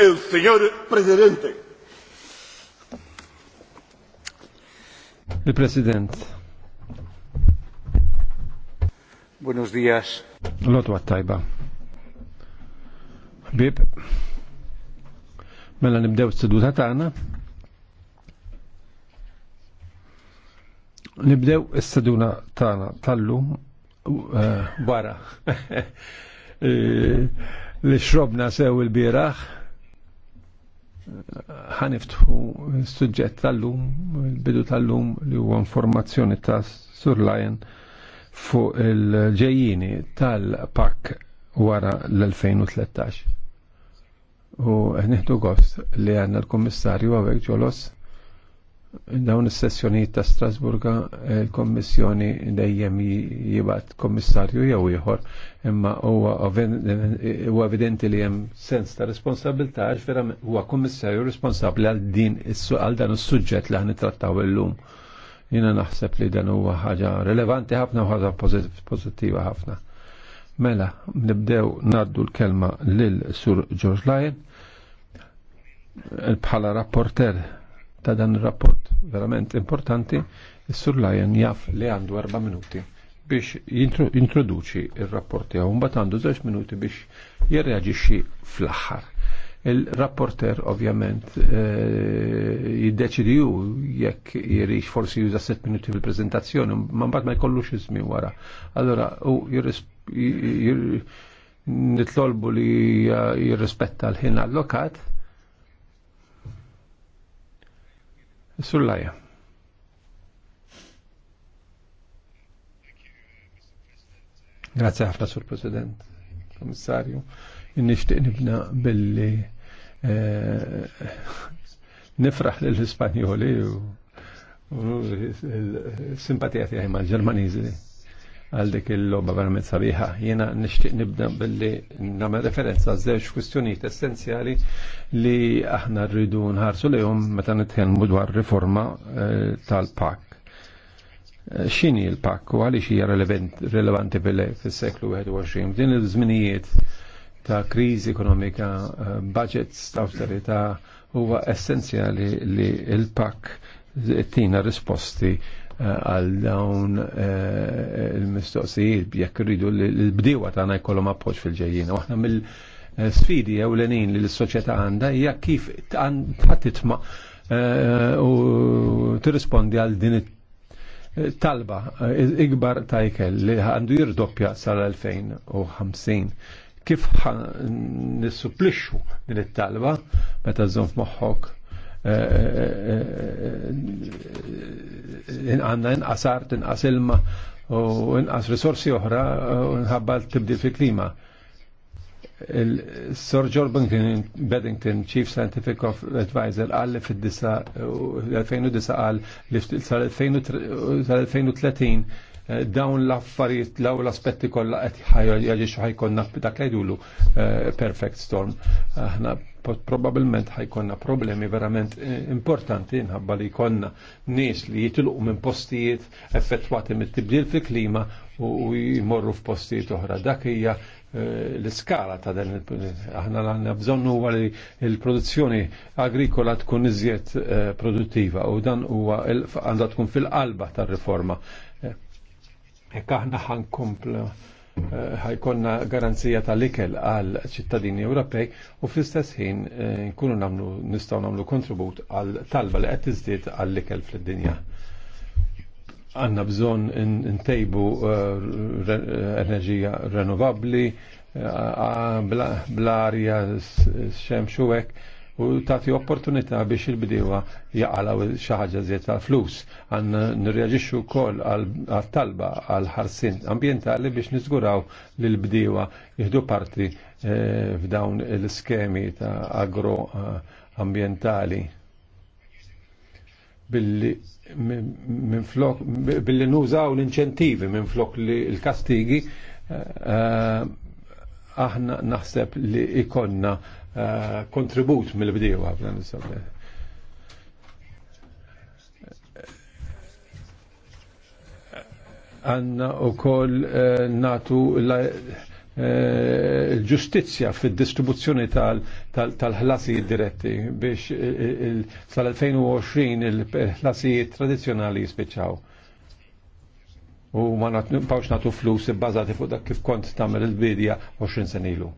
il signor Presidente. Il President. Buenos días. Lotu tajba. Bib. Mela nibdew s-seduta tagħna. Nibdew s-seduna tagħna tal-lum eh, wara eh, li xrobna sew il biraħ ħaniftħu suġġett tal-lum, bidu tal-lum li huwa informazzjoni ta' Sur Lion fuq il-ġejjini tal-pak wara l-2013. U nieħdu gost li għanna l kummissarju għawek ġolos dawn is-sessjonijiet ta' Strasburga il-Kommissjoni dejjem jibgħat kommissarju jew ieħor imma huwa evidenti li hemm sens ta' responsabilità għax vera huwa kommissarju responsabbli għal din għal dan is-suġġett li trattaw illum. Jiena naħseb li dan huwa ħaġa rilevanti ħafna u ħaġa pożittiva ħafna. Mela, nibdew naddu l-kelma lil Sur George Lyon bħala rapporter ta' dan il-rapport verament importanti, s-sur Lajan jaf li għandu 4 minuti biex jintroduċi il-rapport tiegħu mbagħad għandu 2 minuti biex jirreaġixxi fl-aħħar. Il-rapporter ovvjament eh, jiddeċidi ju jekk jirriċ forsi juża 7 minuti fil prezentazzjoni man mbagħad ma jkollux iżmin wara. Allora u nitlolbu li jirrispetta l-ħin allokat Sullaja. Grazie ħafna sur President, Komissarju. Nishtiq nibna billi eh, nifraħ l-Ispanjoli u simpatija tiegħi mal-Ġermaniżi għal dik il-logħba verament sabiħa. Jiena nixtieq nibda billi namel referenza zewġ żewġ kwistjonijiet essenzjali li aħna rridu nħarsu jom meta nitkellmu dwar riforma eh, tal-PAK. Eh, x'inhi l-PAK u għaliex hija relevanti fis-seklu 21 din il żminijiet ta' kriżi ekonomika, eh, budgets ta' awtorità huwa essenzjali li l-PAK tina risposti għal dawn eh, il-mistoqsijiet jekk irridu l-bdiewa tagħna jkollhom appoġġ fil ġejjina Waħna mill-sfidi ewlenin li l-soċjetà għandha hija kif tħadd titma' eh, u tirrispondi għal din talba eh, ikbar ta' ikel li għandu jirdoppja sal-2050 kif nissupplixxu din it-talba meta żżomm f'moħħok in inqasar, tinqas ilma u inqas risorsi oħra u nħabba tibdi fi klima Sir Jordan Beddington, Chief Scientific Advisor, għal li fil-2009 qal li sal-2030 dawn l-affarijiet law l-aspetti kollha qed jaġixu ħajkonna dak perfect storm. Aħna probabilment ħajkonna problemi verament eh, importanti nħabba li jkonna nies li jitilqu minn postijiet effettwati mit-tibdil fil-klima u jmorru f'postijiet oħra. Dak hija eh, l-iskala ta' dan aħna għandna bżonn huwa li l-produzzjoni agrikola tkun iżjed eh, produttiva u dan huwa għandha tkun fil-qalba tar-riforma. Ekk aħna ħankomplu Eh, ħajkonna garanzija tal-ikel għal ċittadini Ewropej u fl-istess ħin eh, nkunu namlu nistgħu namlu kontribut għal talba li qed tiżdied għall ikel fid-dinja. Għandna bżon ntejbu eh, enerġija renovabbli, bl-arja xemxu hekk u tagħti opportunità biex il bidiwa jaqalaw xi ħaġa żied tal-flus. Għan nirreġiċu wkoll għal-talba għal-ħarsin ambjentali biex niżguraw li l bidiwa jihdu parti eh, f'dawn l-iskemi ta' agro eh, ambientali billi minn flok billi nużaw l-inċentivi minn flok li l-kastigi eh, aħna naħseb li ikonna Eh, kontribut mill-bdiewa f'dan nisabbe. għanna u koll eh, natu eh, l-ġustizja fil-distribuzzjoni tal-ħlasijiet diretti biex sal-2020 il-ħlasijiet tradizjonali jispiċaw. U ma natu flus bazati fuq dak kif kont tamer il-bidja 20 senilu.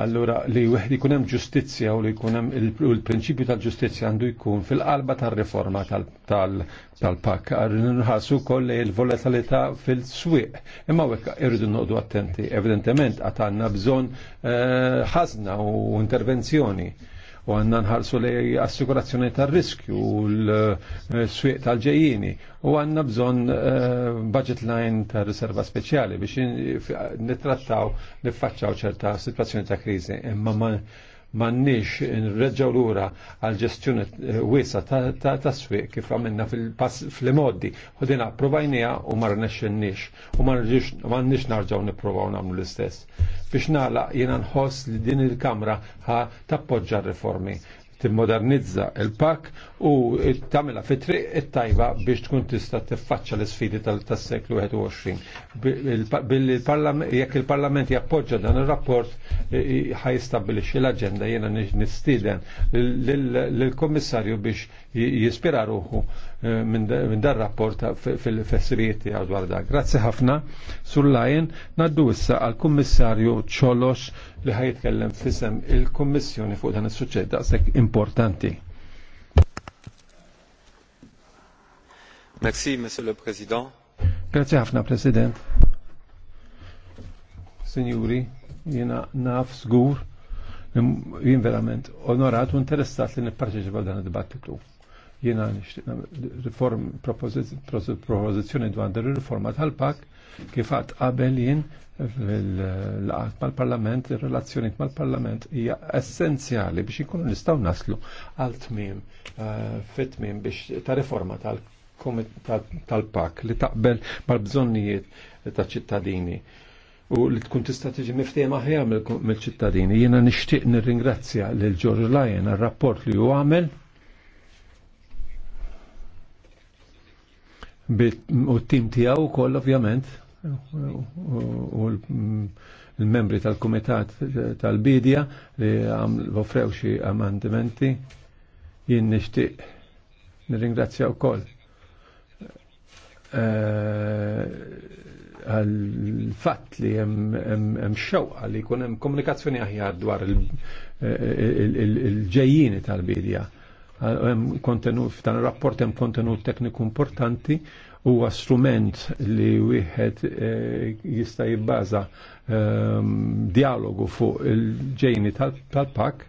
Allura li wieħed ikun hemm ġustizzja u li jkun hemm il-prinċipju tal-ġustizzja għandu jkun fil-qalba tar-riforma tal-pak. Nħassu wkoll li l-volatilità fil-swieq. Imma hekk irridu noqdu attenti. Evidentement għad għandna bżonn eh, ħażna u intervenzjoni u għanna nħarsu li assikurazzjoni tal-riskju u l-swieq tal-ġejjini u għanna bżon eh, budget line ta' riserva speċjali biex nittrattaw, nifacċaw ċerta situazzjoni ta' krizi imma mannix nreġġaw lura għal ġestjoni eh, wiesa ta' taswiq kif għamilna fil-modi. U dina provajnija u ma nix u ma narġaw nipprovaw nagħmlu l-istess. Biex nagħlaq jiena nħoss li din il-Kamra ħa tappoġġa riformi timmodernizza il-pak u tamela fitri it-tajba biex tkun tista tiffaċċa l-sfidi tas-seklu 21. Jekk il-Parlament jappoġġa dan ir-rapport ħajstabbilixxi l-aġenda jiena nistieden lill kummissarju biex jispira ruħu eh, minn dar rapport fil-fessiriet għal dwar dak. Grazzi ħafna. Sullajn naddu issa għal kummissarju ċolox li ħajitkellem fisem il-Kummissjoni fuq dan is-suġġett daqshekk importanti. Merci, Monsieur le Président. Grazie ħafna, President. Signori, jena naf zgur, jien verament onorat u interessat li nipparteċipa dan id-dibattitu. Jena reform propozizjoni dwar riforma tal-pak kif għat qabel jien l-laqat mal-parlament, il relazzjoni mal-parlament hija essenzjali biex ikunu nistaw naslu għal tmim, eh, fit-tmim biex ta' riforma tal-pak li taqbel mal-bżonnijiet ta' ċittadini u li tkun tista' tiġi miftehma ħjar mill-ċittadini. Jiena nixtieq nirringrazzja lil George Lyon għar-rapport li hu għamel u t-tim tijaw koll ovvjament u mm, l-membri tal-komitat tal-bidja li amandamenti xi amandimenti jien nixtieq u koll. għal fat li hemm xewqa li jkun hemm komunikazzjoni aħjar dwar il-ġejjini tal-bidja kontenut f'dan rapport hemm kontenut tekniku importanti huwa strument li wieħed eh, jista' jibbaża ehm, dialogu fuq il-ġejni tal-pak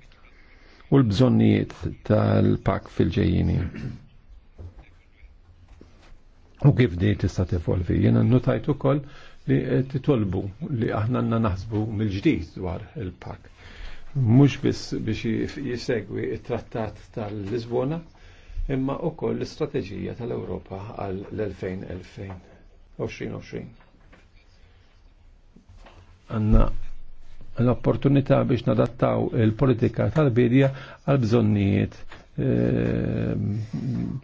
u l-bżonnijiet tal-pak fil-ġejjini. U kif di tista' tevolvi? Jiena notajt ukoll li titolbu li aħna għandna naħsbu mill-ġdid dwar il-pak mhux biss biex jisegwi il trattat tal-Lisbona, imma wkoll l-istrateġija tal-Ewropa għal l-2020. Għanna l-opportunità biex nadattaw il-politika tal-bidja għal bżonnijiet eh,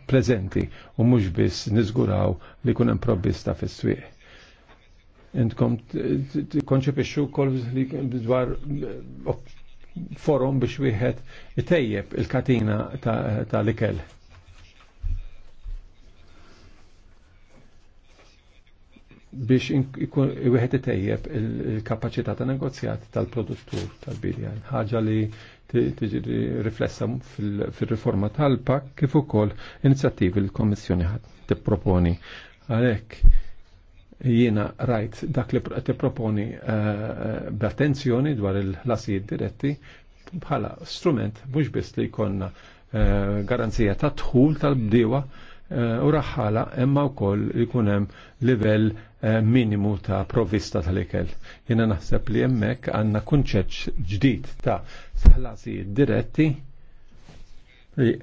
prezenti u mhux biss niżguraw li kunem hemm provvista fis swieħ Intkom konċepixxu wkoll dwar eh, forum biex wieħed itejjeb il-katina tal-ikel. Ta biex wieħed itejjeb il-kapaċità ta' negozjat tal-produttur tal-bidjan. Ħaġa li tiġi riflessa fil-riforma tal-pak kif ukoll inizjattivi l komissjoni ħadd tipproponi. Għalhekk jiena rajt dak li te proponi eh, eh, b'attenzjoni dwar il-ħlasijiet diretti bħala strument mhux biss li jkollna eh, garanzija ta' dħul tal-bdiewa u raħħala imma wkoll jkun hemm livell minimu ta' provvista tal-ikel. Jiena naħseb li hemmhekk għandna kunċett ġdid ta' lasijiet diretti li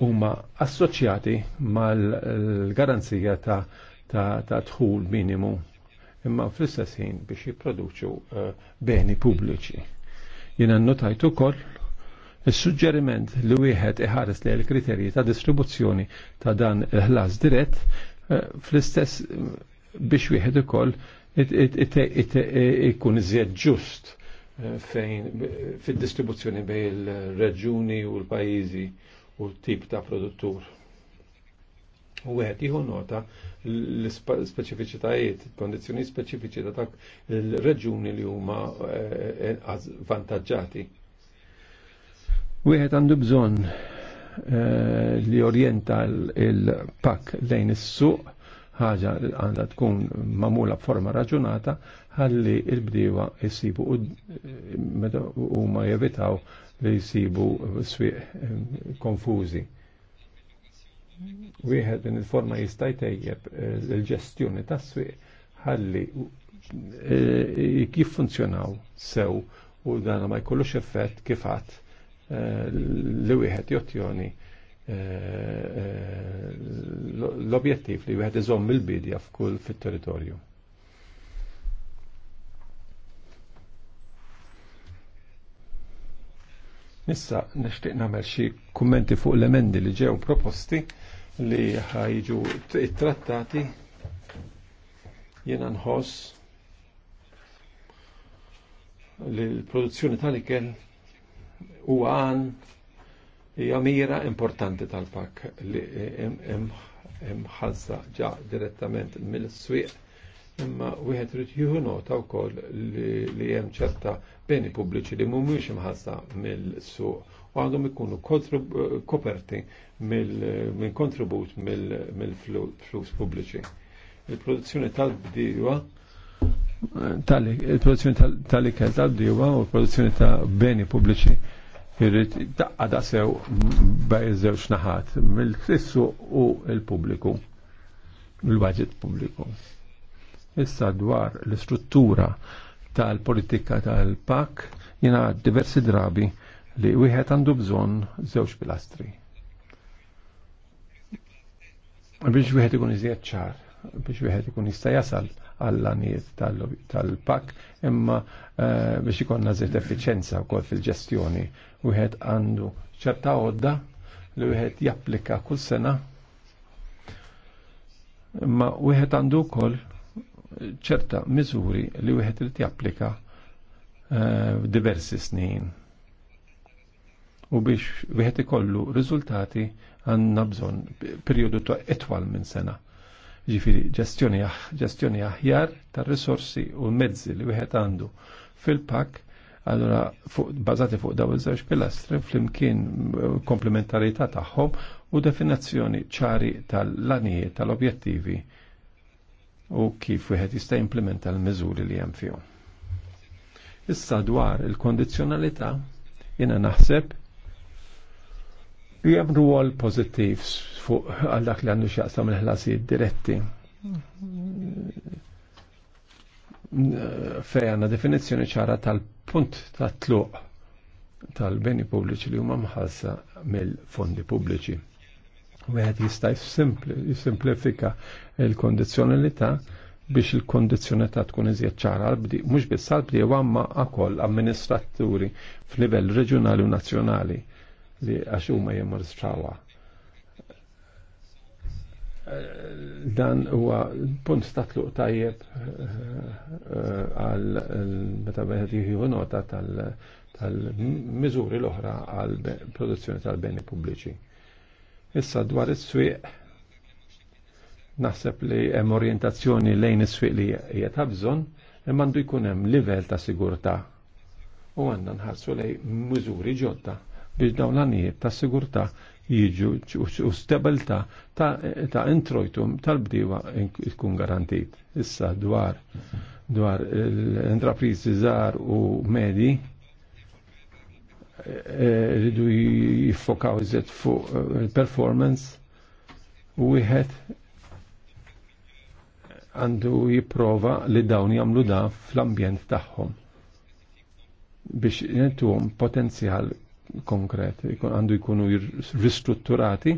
huma assoċjati mal-garanzija ta' ta' ta' dħul minimu imma fl-istess ħin biex jipproduċu eh, beni pubbliċi. Jiena notajt ukoll is-suġġeriment li wieħed iħares li l-kriterji ta' distribuzzjoni ta' dan il-ħlas dirett eh, fl-istess eh, biex wieħed ukoll ikun iżjed ġust fejn fid-distribuzzjoni bejn il-reġuni u l-pajjiżi u t-tip ta' produttur u għed jħu nota l-speċifiċitajiet, kondizjoni speċifiċi ta' dak il-reġuni li huma U eh, eh, Wieħed għandu bżonn eh, li orjenta il-pak lejn is-suq ħaġa għandha tkun mamula b'forma raġunata ħalli il-bdiewa jisibu u ma jevitaw li jisibu swieq konfużi wieħed din il-forma jista' jtejjeb eh, il-ġestjoni tas-swieq ħalli kif eh, funzjonaw sew u dan ma jkollux effett kif għad eh, li wieħed jottjoni l-objettiv li wieħed iżomm il-bidja f'kull fit-territorju. Nissa nixtieq nagħmel xi kummenti fuq l-emendi li ġew proposti li ħajġu it-trattati jena nħoss li l-produzzjoni tal-ikel u għan hija mira importanti tal-pak li imħazza ġa direttament mill-swieq imma wieħed irid jieħu nota wkoll li hemm ċerta beni pubbliċi li mhumiex imħazza mill-suq u għandhom ikunu koperti minn kontribut mill-flus pubbliċi. Il-produzzjoni tal bdiwa il-produzzjoni tal-ikel tal bdiwa u l-produzzjoni ta' beni pubbliċi irrid daqqa da sew bej żewġ naħat mill-krissu u l-pubbliku, il-budget pubbliku. Issa dwar l-istruttura tal-politika tal-PAK jina diversi drabi li wieħed għandu bżonn żewġ pilastri. Biex wieħed ikun iżjed ċar, biex wieħed ikun jista' jasal għall-għaniet tal-pak, imma eh, biex ikonna zed effiċenza wkoll fil-ġestjoni. Wieħed għandu ċerta għodda li wieħed japplika kull sena, imma wieħed għandu wkoll ċerta miżuri li wieħed irid japplika eh, diversi snin u biex wieħed ikollu riżultati għandna bżonn perjodu ta' etwal minn sena. Ġifiri, ġestjoni aħjar tar-risorsi u l-mezzi li wieħed għandu fil-pak Allora, fuq, bazati fuq daw iż-żewġ pilastri flimkien komplementarità tagħhom u definizzjoni ċari tal-lanijiet tal-objettivi u kif wieħed jista' implementa l-miżuri li hemm fihom. Issa dwar il-kondizzjonalità jiena naħseb jemru għal pozittiv fuq għal dak li għandu xaqsa minn ħlasijiet diretti. Fej għanna definizjoni ċara tal-punt ta' tluq tal-beni pubbliċi li huma mħalsa mill-fondi pubbliċi. U għed jista' jisimplifika il-kondizjonalità biex il-kondizjonalità tkun iżjed ċara għal-bdi, mux biss għal-bdi għamma għakol amministraturi f'livell reġjonali u nazzjonali li għaxuma jemmur strawa. Dan huwa punt statluq tajjeb eh, għal meta bħed jieħu nota tal-miżuri l-oħra għal produzzjoni tal-beni pubbliċi. Issa dwar is-swieq naħseb li hemm orjentazzjoni lejn is-swieq li qiegħed ta' imma għandu jkun hemm livell ta' sigurtà u għandna nħarsu lej miżuri ġodda biex dawn l-għanijiet ta' sigurta jiġu u stabilta ta' introjtum tal-bdiwa tkun garantit. Issa dwar dwar l entrapriżi żgħar u medi e, ridu jiffokaw iżet fuq performance u wieħed għandu jipprova li dawn jagħmlu da fl-ambjent tagħhom biex jentuhom potenzjal konkret, għandu jkunu ristrutturati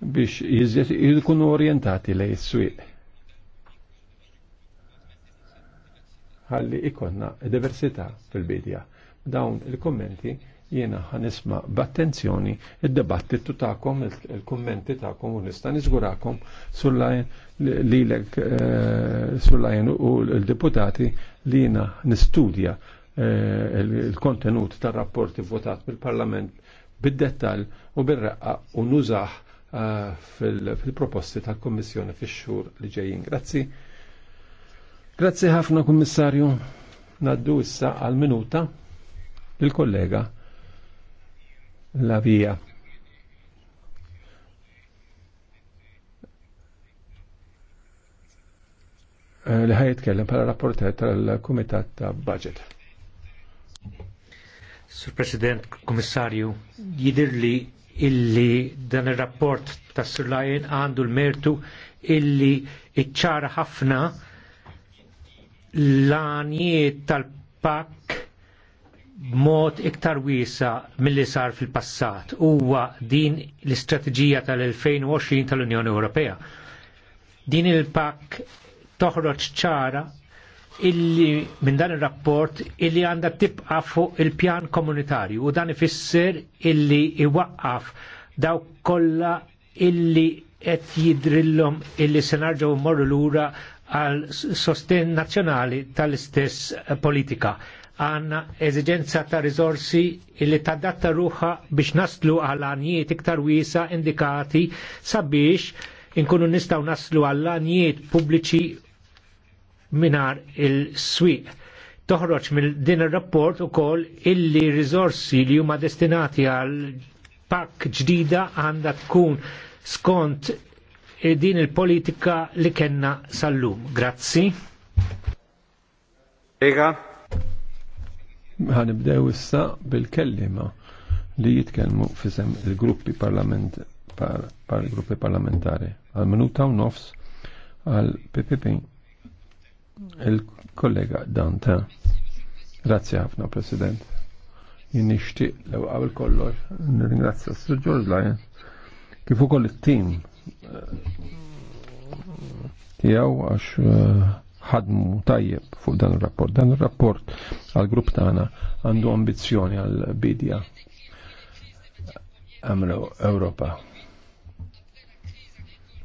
biex jkunu orientati lej s-swieq. Ħalli ikonna diversità fil-bidja. Dawn il-kommenti jiena ħanisma b'attenzjoni il debattitu ta'kom, il-kommenti ta'kom u nista' sull-lajn eh, u l-deputati li jiena nistudja Eh, il-kontenut tar-rapporti votat bil-Parlament bid-dettal u bil-raqqa u nużaħ eh, fil-proposti tal-Kommissjoni fix-xhur li ġejjin. Grazzi. Grazzi ħafna, Kummissarju. Naddu issa għal-minuta il-kollega Lavija. Eh, li kellem pala rapportet tal-Kumitat ta' Budget. Sur President, Komissarju, li illi dan il-rapport ta' Sir Lajen għandu l-mertu illi iċċara ħafna l-għanijiet tal-pak mod iktar wiesa mill-li sar fil-passat huwa din l-istrateġija tal-2020 tal-Unjoni Ewropea. Din il-pak toħroġ ċara illi minn dan il-rapport illi għanda tibqa fuq il-pjan komunitarju u dan ifisser illi iwaqqaf daw kolla illi qed jidrillhom illi se narġgħu mmorru lura għal sosten nazzjonali tal-istess eh, politika. Għanna eżigenza ta' rizorsi illi datta ruħa biex naslu għal għanijiet iktar wiesa indikati sabiex inkunu nistaw naslu għal għanijiet pubbliċi minar il-swiq. Toħroġ mill din ir-rapport ukoll illi rizorsi li huma destinati għal pak ġdida għandha tkun skont eh, din il-politika li kena sal-lum. Grazzi. Ega. bdew issa bil-kellima li jitkellmu fisem il-gruppi parlament par, par gruppi parlamentari għal minuta u nofs għal PPP Il-kollega Danta. Grazie ħafna, President. Jien nixtieq l qabel kollox, nirringrazzja Sir George Lyon, kif ukoll it-tim eh, tiegħu għax eh, ħadmu tajjeb fuq dan ir-rapport. Dan ir-rapport għall-grupp tagħna għandu ambizzjoni għall-bidja għamlu Ewropa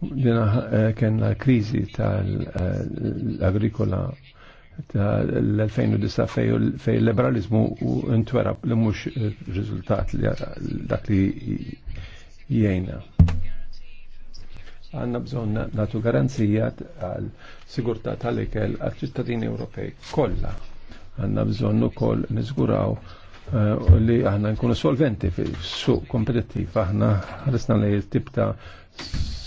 Dina eh, kena krizi tal-agrikola l-2009 fej liberalizmu u intwera li mux eh, rizultat li dak li jiejna. Għanna bżon natu garanzija għal sigurta tal-ikel għal ċittadini Ewropej kolla. Għanna bżon u kol nizguraw eh, li għanna nkunu solventi fi su kompetittiv Għanna għalisna li tip ta'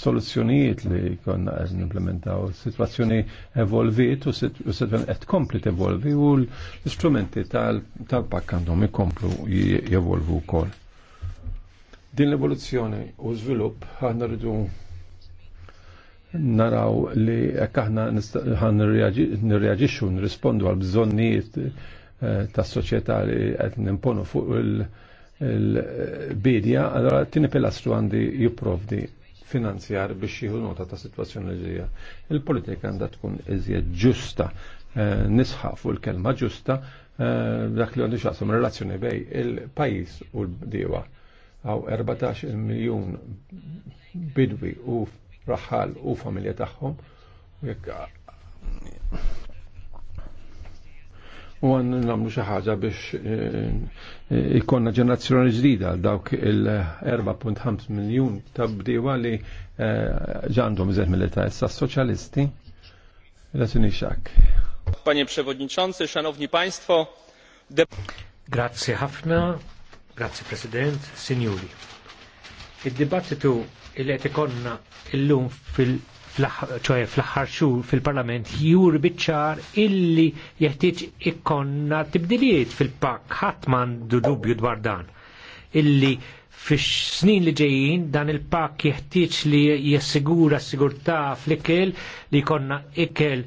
soluzzjonijiet li konna għazin implementaw situazzjoni evolvit u situazzjoni għed kompli evolvi u l-istrumenti tal-pak għandhom ikomplu jevolvu kol. Din l-evoluzzjoni u zvilup għanna rridu naraw li għakħna għanna nirreagġiċu, nirrispondu għal bżonnijiet eh, ta' soċieta li għed nimponu fuq il-bidja, għadra t-tini pilastru għandi jiprovdi finanzjar biex jieħu nota ta' situazzjoni li Il-politika għandha tkun iżjed ġusta, eh, nisħafu fuq il-kelma ġusta eh, dak li għandu xaqsam relazzjoni bej il-pajis u l-bdiewa. Għaw 14 miljon bidwi u raħal u familja tagħhom u jekk u għan namlu xaħġa biex eh, eh, ikonna ġenerazzjoni ġdida dawk il-4.5 miljon tabdiwa li eh, ġandu mizet mill-età issa soċjalisti. Razzjoni xak. Panie Przewodniczący, Szanowni Państwo. Grazie ħafna, grazie President, Signori. il dibattitu il-etikonna il-lum fil- ċoħe fl-ħar xhur fil-parlament jur biċċar illi jeħtieġ ikkonna tibdiliet fil-pak ħadd m'għandu dubju dwar dan. Illi fix snin li ġejjin dan il-pak jeħtieġ li jessigura s-sigurtà fl-ikel li jkollna ikel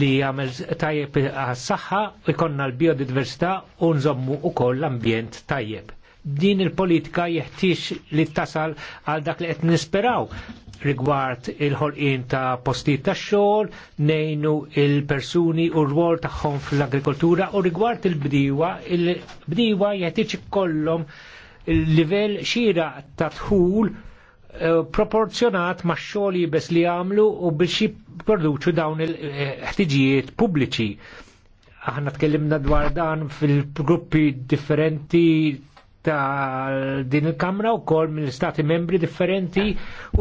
li jagħmel tajjeb għas-saħħa, u jkollna l-biodiversità u nżommu wkoll l-ambjent tajjeb din il-politika jeħtiex li tasal għal dak li qed nisperaw rigward il-ħolqien ta' postijiet ta' xogħol, nejnu il-persuni u r-rwol tagħhom fl-agrikoltura u rigward il-bdiewa, il-bdiewa jeħtieġ ikollhom il-livell xira ta' tħul eh, proporzjonat ma' xogħol jibes li jagħmlu u biex jipproduċu dawn il-ħtiġijiet pubbliċi. Aħna tkellimna dwar dan fil-gruppi differenti ta' din il-Kamra u kol mill stati membri differenti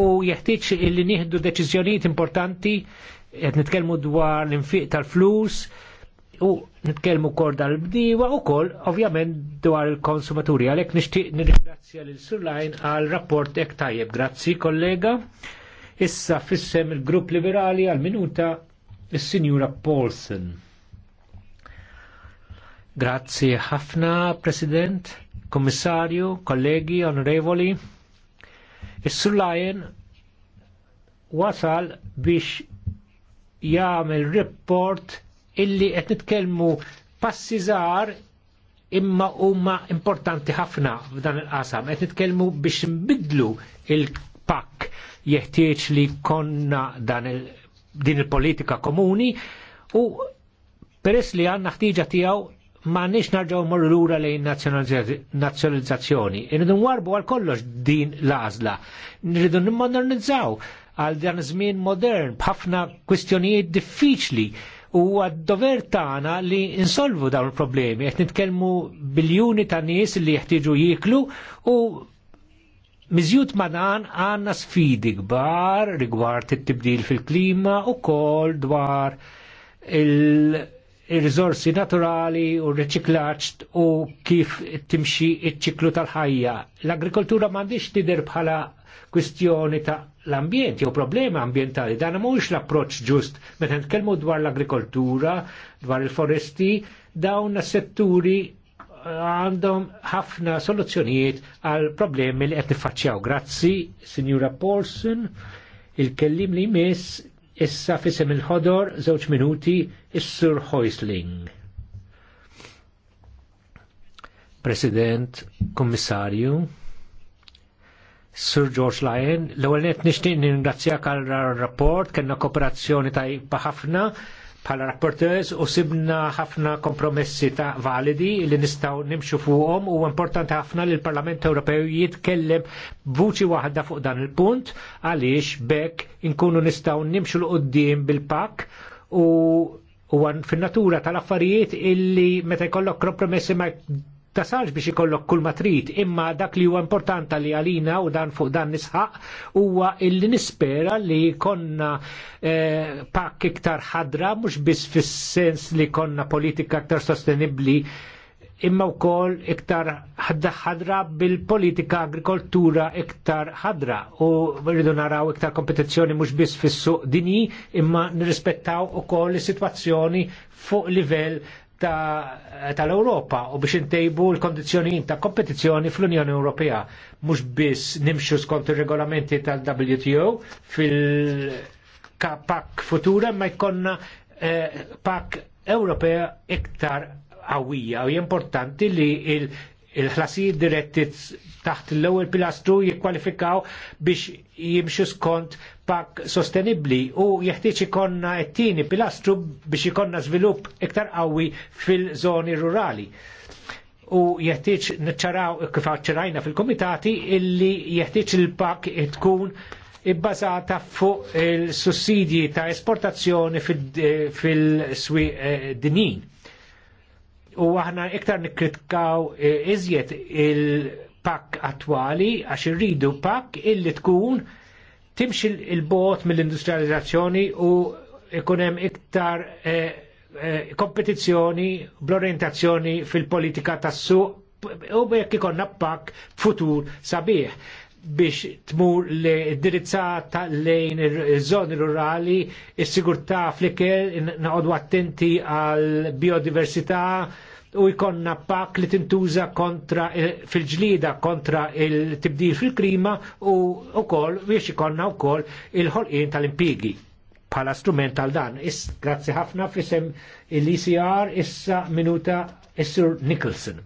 u jeħtieġ li nieħdu deċiżjonijiet importanti qed nitkellmu dwar l-infiq tal-flus u nitkellmu kol dal bdiwa u kol ovvjament dwar il-konsumaturi għalhekk nixtieq nirringrazzja lil Surlajn għal rapport hekk tajjeb. Grazzi kollega. Issa fissem il-Grupp Liberali għal minuta is-Sinjura Paulsen. Grazzi ħafna, President. Kommissarju, kollegi, onorevoli, is-Sur wasal biex jagħmel report illi qed nitkellmu passi żgħar imma huma importanti ħafna f'dan il-qasam. Qed nitkellmu biex nbidlu il-pakk jeħtieġ li konna dan il din il-politika komuni u peress li għandna ħtieġa tiegħu ma nix narġaw morru lura lejn nazjonalizzazzjoni. Irridu warbu għal kollox din l Nridu n nimmodernizzaw għal dan żmien modern b'ħafna kwistjonijiet diffiċli u għad-dover tagħna li insolvu dawn il-problemi. Qed nitkellmu biljuni ta' nies li jeħtieġu jiklu u Miżjut madan għanna sfidi kbar rigward it-tibdil fil-klima u kol dwar il-rizorsi naturali u r-riċiklaġġ u kif timxi iċ-ċiklu tal-ħajja. L-agrikoltura m'għandix tidher bħala kwistjoni ta' l-ambjent jew problema ambjentali. Dan mhuwiex l-approċċ ġust meta nitkellmu dwar l-agrikoltura, dwar il-foresti, dawn setturi eh, għandhom ħafna soluzzjonijiet għal problemi li qed niffaċċjaw. Grazzi, Signora Paulson, il-kellim li jmiss Issa fisem il-ħodor żewġ minuti is-Sur Hoisling. President, Kommissarju, Sir George Lyon, l-ewwel qed nixtieq ningrazzjak għal rapport, kellna kooperazzjoni tajba ħafna Bħala rapporteurs u sibna ħafna kompromessi ta' validi li nistaw nimxu fuqhom u importanti ħafna li l-Parlament Ewropew jitkellem vuċi waħda fuq dan il-punt għaliex bekk inkunu nistaw nimxu l-qoddim bil-pak u u għan fin-natura tal-affarijiet illi meta jkollok kompromessi ma' tasalx biex ikollok kull ma trid, imma dak li huwa importanta li għalina u dan fuq dan nisħaq huwa illi nispera li konna eh, pakk iktar ħadra mhux biss fis-sens li konna politika iktar sostenibbli imma wkoll iktar ħadra bil-politika agrikoltura iktar ħadra u rridu naraw iktar kompetizzjoni mhux biss fis-suq dinji imma nirrispettaw ukoll is-sitwazzjoni fuq livell tal-Europa u biex intejbu l-kondizjonijiet ta' kompetizzjoni fl-Unjoni Ewropea. Mhux biss nimxu skont ir-regolamenti tal-WTO fil-pak futura ma jkollna eh, pak Ewropea iktar qawwija u importanti li il- il-ħlasijiet diretti taħt l-ewwel pilastru jikkwalifikaw biex jimxu skont pak sostenibli u jeħtieġ ikonna t-tieni pilastru biex ikonna żvilupp iktar qawwi fil-żoni rurali. U jeħtieġ niċċaraw kif ċarajna fil-komitati illi jeħtieġ il-pak tkun ibbażata fuq il-sussidji ta' esportazzjoni fil-swi eh, dinin. fil u aħna iktar nikritkaw e, iżjed il-pak attwali għax irridu pak illi tkun timxi il-bot mill-industrializzazzjoni u ikunem iktar e, e, kompetizzjoni bl-orientazzjoni fil-politika tas-suq u bekk ikonna pak futur sabiħ biex tmur li dirizzata lejn il żoni rurali, il sigurtà fl-ikel, naqogħdu attenti għal biodiversità u jkollna pak li tintuża kontra fil-ġlida kontra il-tibdil fil-klima u wkoll biex ikollna wkoll il-ħolqien tal-impigi bħala strument tal dan. Is, grazzi ħafna fl-isem il-ICR issa minuta is-Sur Nicholson.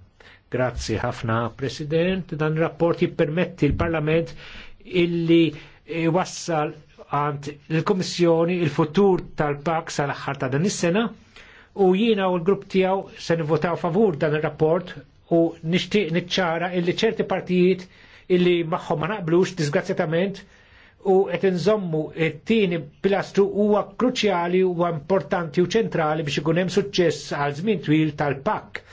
Grazzi ħafna, President. Dan rapport jippermetti l-Parlament illi eh, wassal għand l-Komissjoni il-futur tal-Pak sal aħħar ta' dan is-sena u jiena u l-grupp tiegħu se nivvotaw favur dan ir-rapport u nixtieq niċċara illi ċerti partijiet illi magħhom ma naqblux disgrazzjatament u qed inżommu t-tieni pilastru huwa kruċjali huwa importanti u ċentrali biex ikun hemm suċċess għal żmien twil tal-pakk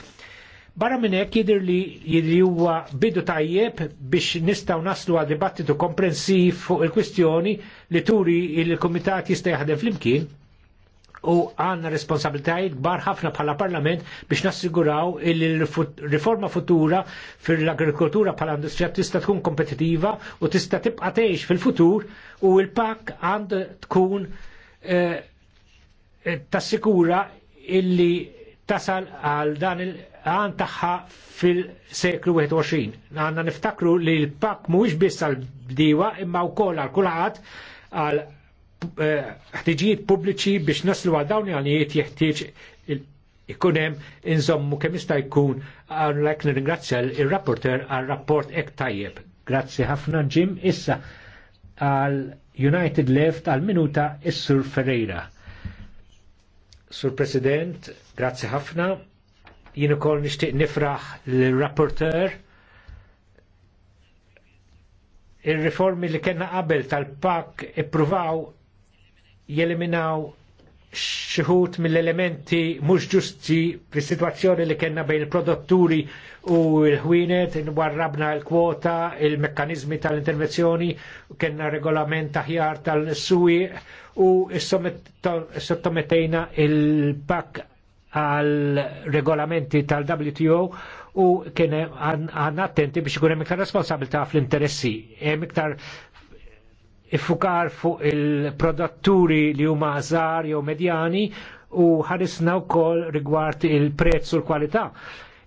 Barra minn hekk jidir li jidri huwa bidu tajjeb biex nistgħu naslu għal dibattitu komprensiv fuq il-kwistjoni li turi il-Kumitat jista' jaħdem flimkien u għanna responsabiltajiet gbar ħafna bħala parlament biex nassiguraw il-riforma futura fil-agrikoltura bħala industrija tista' tkun kompetitiva u tista' tibqa' teħx fil-futur u l-pak għand tkun eh, eh, tassikura illi tasal għal dan il-għan taħħa fil-seklu 21. Għanna niftakru li l-pak mux biss għal-bdiwa imma u koll għal-kulħat għal eh, ħtiġijiet pubbliċi biex naslu għal dawn għanijiet jeħtieġ ikunem inżommu kemm jista' jkun għalhekk nirringrazzja il-rapporter għal-rapport ek tajjeb. Grazzi ħafna Jim issa għal United Left għal minuta is-Sur Ferreira. Sur President, grazzi ħafna. Jien ukoll nixtieq nifraħ l-rapporteur il-riformi li kena qabel tal-pak ippruvaw jeliminaw xħut mill-elementi mhux ġusti fis sitwazzjoni li kellna bejn il-produtturi u l-ħwienet, il warrabna l-kwota, il mekkaniżmi tal-intervenzjoni, kellna regolament aħjar tal-suwi u sottomettejna il-pak għal regolamenti tal-WTO u kien għanna attenti biex ikun hemm iktar responsabilità fl-interessi. Hemm iktar ifukar fuq il-produtturi li huma żgħar jew medjani u ħarisna wkoll rigward il-prezz u l-kwalità.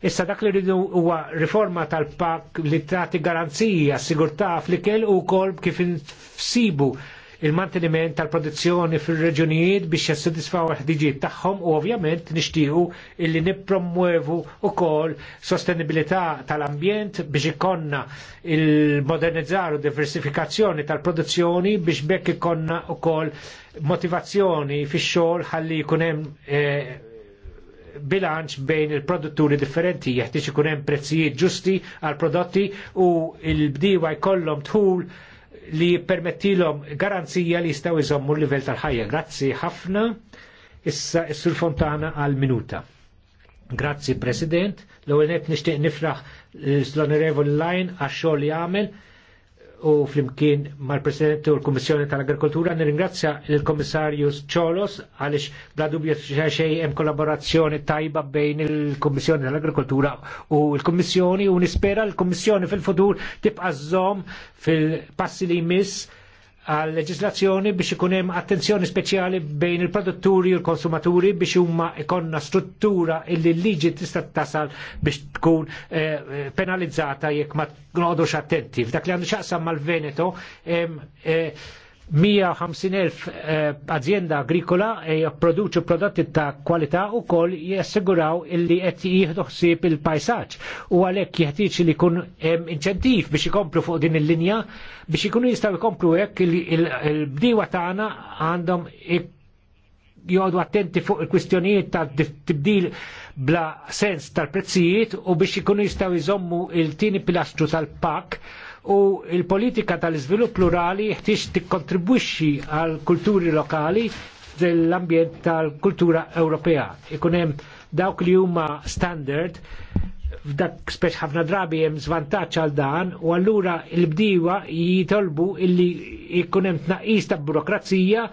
Issa dak li rridu huwa riforma tal-pak li tagħti garanzija, sigurtà fl-ikel u kol kif insibu il-manteniment tal-produzzjoni fil-reġunijiet biex jassodisfaw il-ħdiġiet tagħhom u ovvjament nixtiequ illi nippromuevu ukoll sostenibilità tal-ambjent biex ikonna il-modernizzar u diversifikazzjoni tal-produzzjoni biex bekk ikonna ukoll motivazzjoni fix-xogħol ħalli jkun hemm eh, bilanċ bejn il-produtturi differenti, jeħtieġ ikun hemm prezzijiet ġusti għal prodotti u l-bdiewa jkollhom tħul li permettilhom garanzija li jistgħu jżommu l-livell tal-ħajja. Grazzi ħafna. Issa s-sur Fontana għal minuta. Grazzi President. L-ewwel nett nixtieq nifraħ l-Onorevoli Lajn għax-xogħol li għamel u flimkien mal-President u l-Kommissjoni tal-Agrikoltura nirringrazzja l-Kommissarju Ciolos għalix bla dubju xej hemm kollaborazzjoni tajba bejn il-Kommissjoni tal-Agrikoltura u l-Kommissjoni u nispera l-Kommissjoni fil-futur tibqa' żomm fil-passi li jmiss għal leġislazzjoni biex ikun hemm attenzjoni speċjali bejn il-produtturi u l-konsumaturi biex huma ikonna struttura illi l-liġi tista' tasal biex tkun eh, eh, penalizzata jekk ma tnodux attenti. F'dak li għandu xaqsam mal-Veneto eh, 150.000 eh, azienda agrikola eh, jipproduċu prodotti ta' kwalità u koll jassiguraw illi qed jieħdu ħsieb il-pajsaġġ u għalhekk jeħtieġ li jkun eh, inċentiv biex ikomplu fuq din il-linja biex ikunu jistgħu jkomplu hekk il-bdiewa tagħna għandhom jgħodu attenti fuq il-kwistjonijiet ta' tibdil bla sens tal-prezzijiet u biex ikunu jistgħu jżommu il-tieni pilastru tal-pak u il-politika tal-iżvilupp plurali jeħtieġ tikkontribwixxi għal kulturi lokali dell-ambjent tal-kultura Ewropea. Ikun hemm dawk li huma standard f'dak speċ ħafna drabi hemm żvantaġġ għal dan u allura l-bdiewa jitolbu illi jkun hemm tnaqqis ta' burokrazija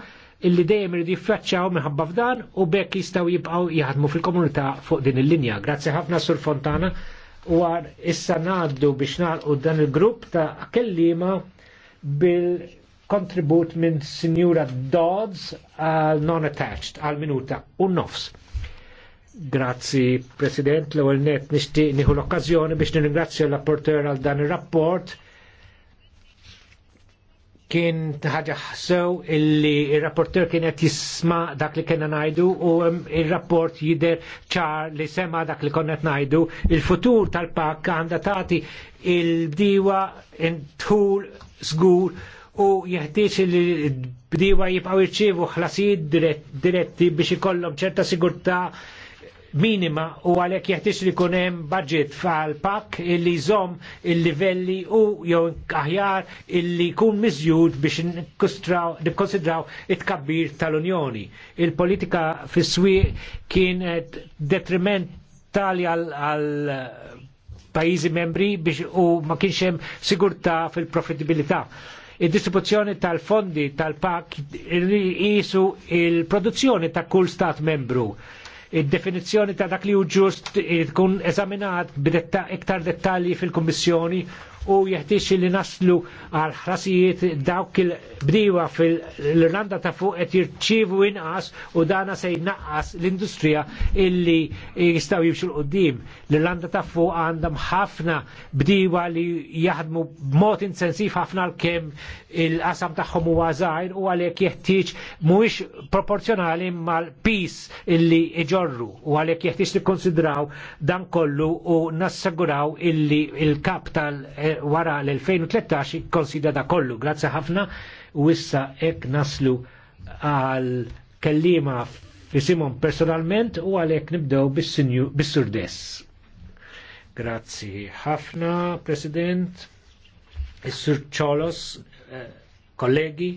illi dejjem irid jiffaċċaw minħabba f'dan u bekk jistgħu jibqgħu jaħdmu fil-komunità fuq din il-linja. Grazzi ħafna Sur Fontana war issa naddu biex nalqu dan il-grupp ta' kellima bil-kontribut minn Signora Dodds għal non-attached għal minuta u nofs. Grazzi, President, l ewwel nett nixtieq nieħu l okkażjoni biex nirringrazzja l-apporter għal dan ir rapport kien ħaġa ħsew illi il-rapporter kien qed jisma' dak li kena ngħidu u um, il-rapport jider ċar li sema dak li konna ngħidu. Il-futur tal-pak għandha tati il bdiwa intħul żgur u jeħtieġ li l jibqaw jibqgħu jirċievu ħlasijiet diretti biex ikollhom ċerta sigurtà minima u għalhekk jħtis li jkun hemm budget fal pak illi jżomm il-livelli u jew aħjar illi jkun miżjud biex nikkonsidraw it-kabbir tal-Unjoni. Il-politika fis kien kienet detrimentali għal pajizi membri biex u ma kienx hemm sigurtà fil-profittibilità. Id-distribuzzjoni tal-fondi tal-pak jisu il-produzzjoni ta' kull stat membru id-definizzjoni ta' dak li hu ġust tkun eżaminat b'iktar dettalji fil-Kummissjoni u jeħtiex li naslu għal ħrasijiet dawk il bdiwa fil-Irlanda ta' fuq qed jirċievu inqas u dana se jnaqqas l-industrija illi jistgħu jimxu l-qudiem. L-Irlanda ta' fuq għandhom ħafna bdiwa li jaħdmu b'mod intensiv ħafna l-kemm il-qasam tagħhom huwa żgħir u għalhekk jeħtieġ mhuwiex proporzjonali mal-pis illi iġorru u għalhekk jeħtiex konsidraw dan kollu u nassaguraw illi il-kap tal- wara l-2013 konsidra da kollu. Grazzi ħafna u issa ek naslu għal kellima fisimum personalment u għalek nibdew bis-surdess. Grazzi ħafna, President, Is-Sur Ċolos, eh, kollegi,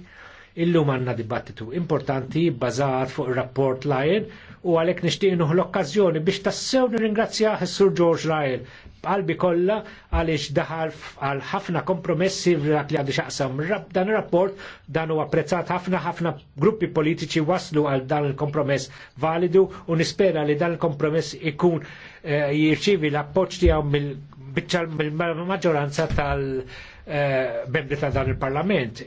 illum għanna dibattitu importanti bazat fuq il-rapport lajen u għalhekk nixtieq l-okkażjoni biex tassew nirringrazzja s-Sur George Lyle qalbi kollha għaliex daħal għal ħafna kompromessi f'dak li għaddi xaqsam dan ir-rapport dan huwa apprezzat ħafna ħafna gruppi politiċi waslu għal dan il-kompromess validu u nispera li dan il-kompromess ikun eh, jirċivi l-appoġġ tiegħu mill-maġġoranza tal-membri eh, ta' dan il-Parlament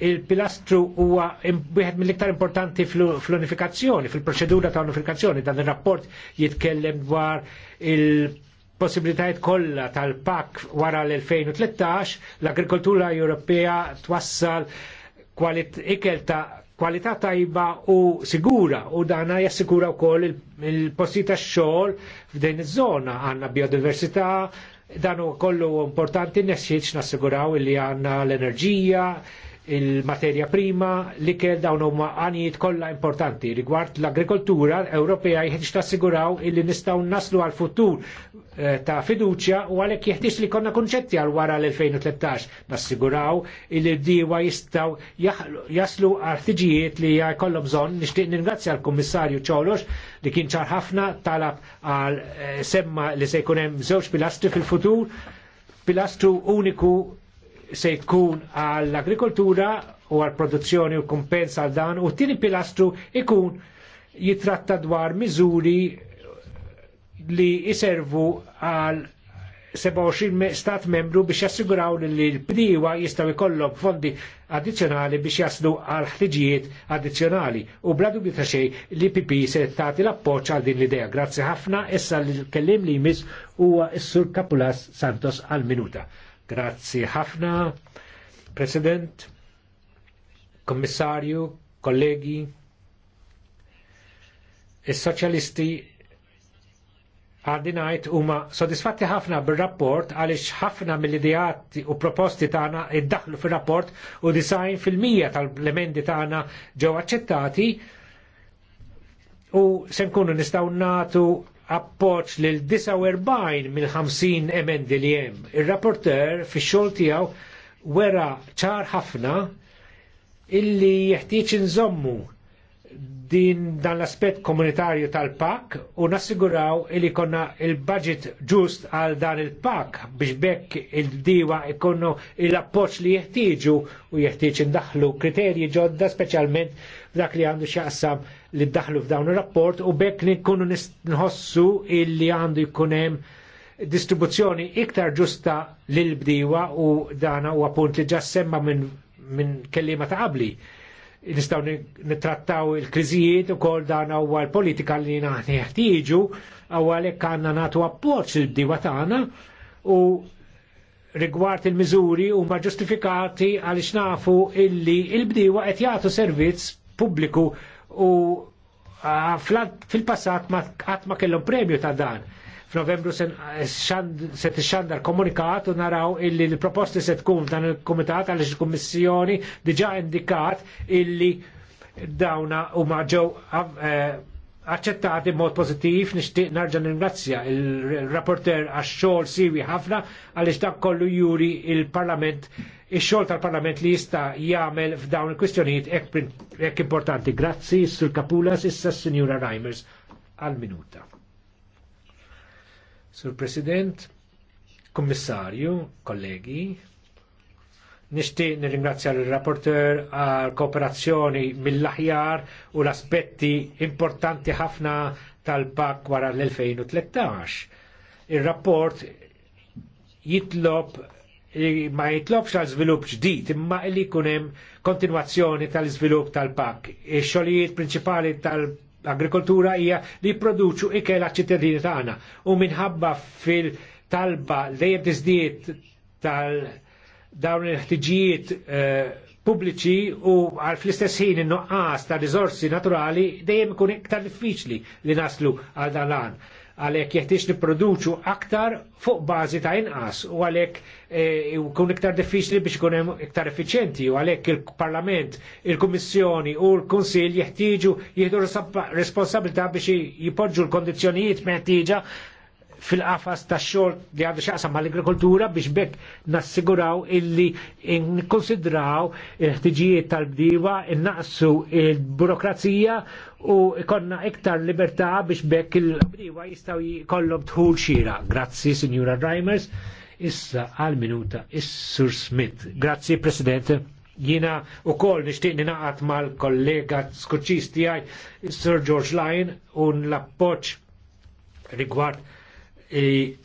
il-pilastru huwa wieħed mill-iktar importanti fl-unifikazzjoni, fil-proċedura ta' unifikazzjoni, dan ir-rapport jitkellem dwar il- possibilitajiet kollha tal-pak wara l-2013, l-agrikoltura Ewropea twassal ikel ta' kwalità tajba u sigura u dana jassigura wkoll il-posti ta' xogħol f'din iż-żona għandna biodiversità, dan kollu importanti nexxiex nassiguraw li għandna l-enerġija, il-materja prima, l-ikel dawn huma għanijiet kollha importanti rigward l-agrikoltura Ewropea ta tassiguraw illi nistgħu naslu għal futur eh, ta' fiduċja u għalhekk jeħtieġ li konna kunċetti għal wara l-2013 nassiguraw illi d-diewa jistgħu jaslu għal ħtiġijiet li jkollhom bżonn nixtieq ningrazzja l-Kummissarju Ċolox li kien ċar ħafna talab għal eh, semma li se jkun hemm żewġ pilastri fil-futur pilastru uniku se jkun għall-agrikoltura u għall-produzzjoni u kumpens għal dan u t-tieni pilastru jkun jitratta dwar miżuri li jiservu għal 27 stat membru biex jassiguraw li l pdiwa jistaw jkollok fondi addizzjonali biex jaslu għal ħtiġijiet addizzjonali. U bladu dubju ta' li PP se tagħti l-appoġġ għal din l-idea. Grazzi ħafna issa l kellim li jmiss huwa s-Sur Kapulas Santos għal minuta. Grazzi ħafna, President, Kommissarju, kollegi. Is-soċjalisti għandinajt huma sodisfatti ħafna bil-rapport għaliex ħafna mill-idejat u proposti tagħna id-daħlu fir-rapport u disajn fil-mija tal-elementi tagħna ġew aċċettati u se nkunu nistgħu nagħtu appoċ l-49 mill-50 emendi li jem. Il-rapporter fi xol tijaw wera ċar ħafna illi jeħtieġ nżommu din dan l-aspet komunitarju tal-pak u nassiguraw li konna il-budget ġust għal dan il-pak biex bekk il-diwa ikonnu il-appoċ li jeħtieġu u jeħtieġ indaħlu kriterji ġodda specialment dak li għandu xaqsam li ddaħlu f'dawn ir-rapport u bekk nkunu nħossu illi għandu jkunem distribuzzjoni iktar ġusta lil bdiwa u dana huwa appunt li ġa semma minn min kellima ta' qabli nistaw nittrattaw il-kriżijiet u kol dan u l-politika li naħni u għawalek għanna natu appoċ il-bdiwa tagħna u rigward il-miżuri huma ġustifikati għaliex nafu illi il-bdiwa qed jagħtu servizz pubbliku u fil-passat qatt ma kellhom premju ta' dan. F'Novembru se tixxandar komunikat u naraw illi l-proposti se tkun f'dan il-Kumitat għal il-Kummissjoni diġà indikat illi dawna huma ġew eh, Aċċettat mod pozittiv nixtieq narġa' ningrazzja il-rapporter għax xogħol siwi ħafna għaliex dak kollu juri il-Parlament ix-xogħol tal-Parlament li jista' jagħmel f'dawn il kwistjoniet ek importanti. Grazzi sur Kapulas issa s-Sinjura Reimers għal-minuta. Sur President, Kommissarju, kollegi, Nixtieq nirringrazzja l-rapporter għal kooperazzjoni mill-aħjar u l-aspetti importanti ħafna tal-pak wara l-2013. Ir-rapport jitlob ma jitlobx għal żvilupp ġdid imma li jkun hemm kontinwazzjoni tal-żvilupp tal-pak. Ix-xogħlijiet prinċipali tal agrikoltura hija li jipproduċu ikel għaċ-ċittadini tagħna u minħabba fil-talba dejjem tiżdied tal-, -tal dawn il-ħtiġijiet eh, pubbliċi u għal fl-istess ħin in-nuqqas ta' rizorsi naturali dejjem ikun iktar diffiċli li naslu għal dan l-għan. għalhekk jeħtieġ nipproduċu aktar fuq bażi ta' inqas u għalhekk eh, ikun iktar diffiċli biex ikun hemm iktar effiċenti u għalhekk il-Parlament, il-Kummissjoni u l-Kunsill jeħtieġu jieħdu responsabilità biex jipoġġu l-kondizzjonijiet meħtieġa fil-qafas ta' xogħol li għadu xaqsam mal agrikoltura biex bekk nassiguraw illi nkonsidraw il-ħtiġijiet tal-bdiva, innaqsu il-burokrazija u ikonna iktar libertà biex bekk il-bdiva jistaw jikollom tħul xira. Grazzi, Signora Reimers. Issa għal-minuta, Is-Sur Smith. Grazzi, President. Jina u koll nishtiq ninaqat mal-kollega skuċisti għaj, Sir George Lyon, un l-appoċ rigward E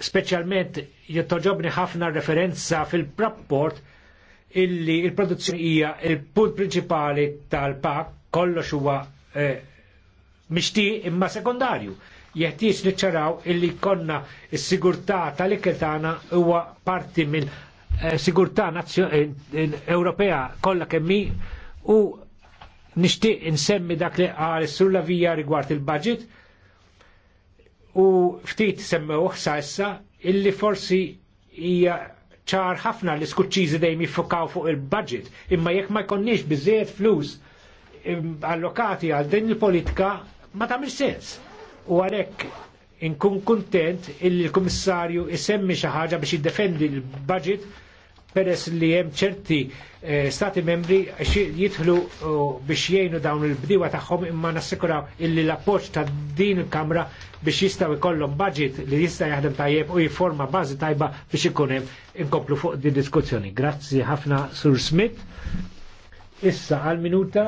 Speċjalment jittoġobni ħafna referenza fil-rapport illi il-produzzjoni hija il-punt prinċipali tal-pak kollox huwa e, mixti imma sekondarju. Jeħtieġ niċċaraw illi konna s-sigurtà tal iketana huwa parti mill e, sigurtà Ewropea kollha kemm u nixtieq insemmi dak li għal sur la via rigward il-budget u ftit semmew uħsa issa illi forsi hija ċar ħafna li skuċċiżi dejjem jiffukaw fuq il-budget imma jekk ma jkunniex biżejjed flus allokati għal din il-politika ma tagħmilx sens. U għalhekk inkun kuntent illi l-Kummissarju isemmi xi ħaġa biex jiddefendi l-budget peress li hemm ċerti eh, stati membri jidħlu eh, biex jgħinu dawn il-bdiwa tagħhom imma nassikuraw illi l-appoġġ ta' din il-Kamra biex jistaw ikollhom budget li jista' jaħdem tajjeb u jiforma bażi tajba biex ikun hemm inkomplu fuq din diskussjoni. Grazzi ħafna Sur Smith. Issa għal minuta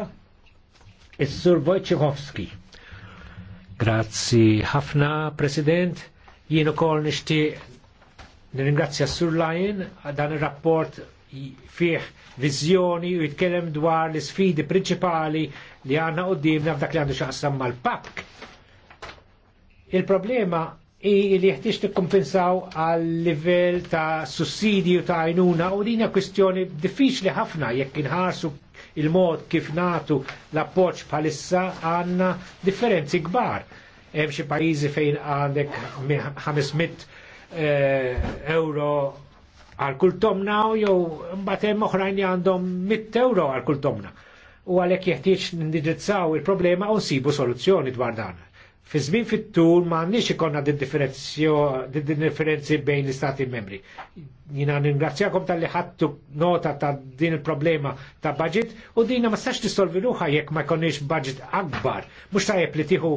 is-Sur Wojciechowski. Grazzi ħafna, President. Jien ukoll nixtieq nirringrazzja Sur Lajn dan ir-rapport fih viżjoni u jitkellem dwar l isfidi prinċipali li għandna dimna f'dak li għandu xaqsam mal-PAPK Il-problema i li jħtiex tikkompensaw għal livell ta' sussidju ta' għajnuna u dinja kwistjoni diffiċli ħafna jekk inħarsu il-mod kif natu l-appoċ bħalissa għanna differenzi kbar. Hemm xi pajjiżi fejn għandek 500 eh, euro għal kultomna u jew mbagħad hemm oħrajn li għandhom 100 euro għal kultomna U għalhekk jeħtieġ nindirizzaw il-problema u nsibu soluzzjoni dwar dan fi żmien fit-tul ma għandniex ikonna differenzi bejn l-istati membri. Jina ningrazzjakom tal-li ħattu nota ta' din il-problema ta' budget u dina ma sax tisolvi ruħa jekk ma jkonniex budget akbar. Mux tajjeb li tiħu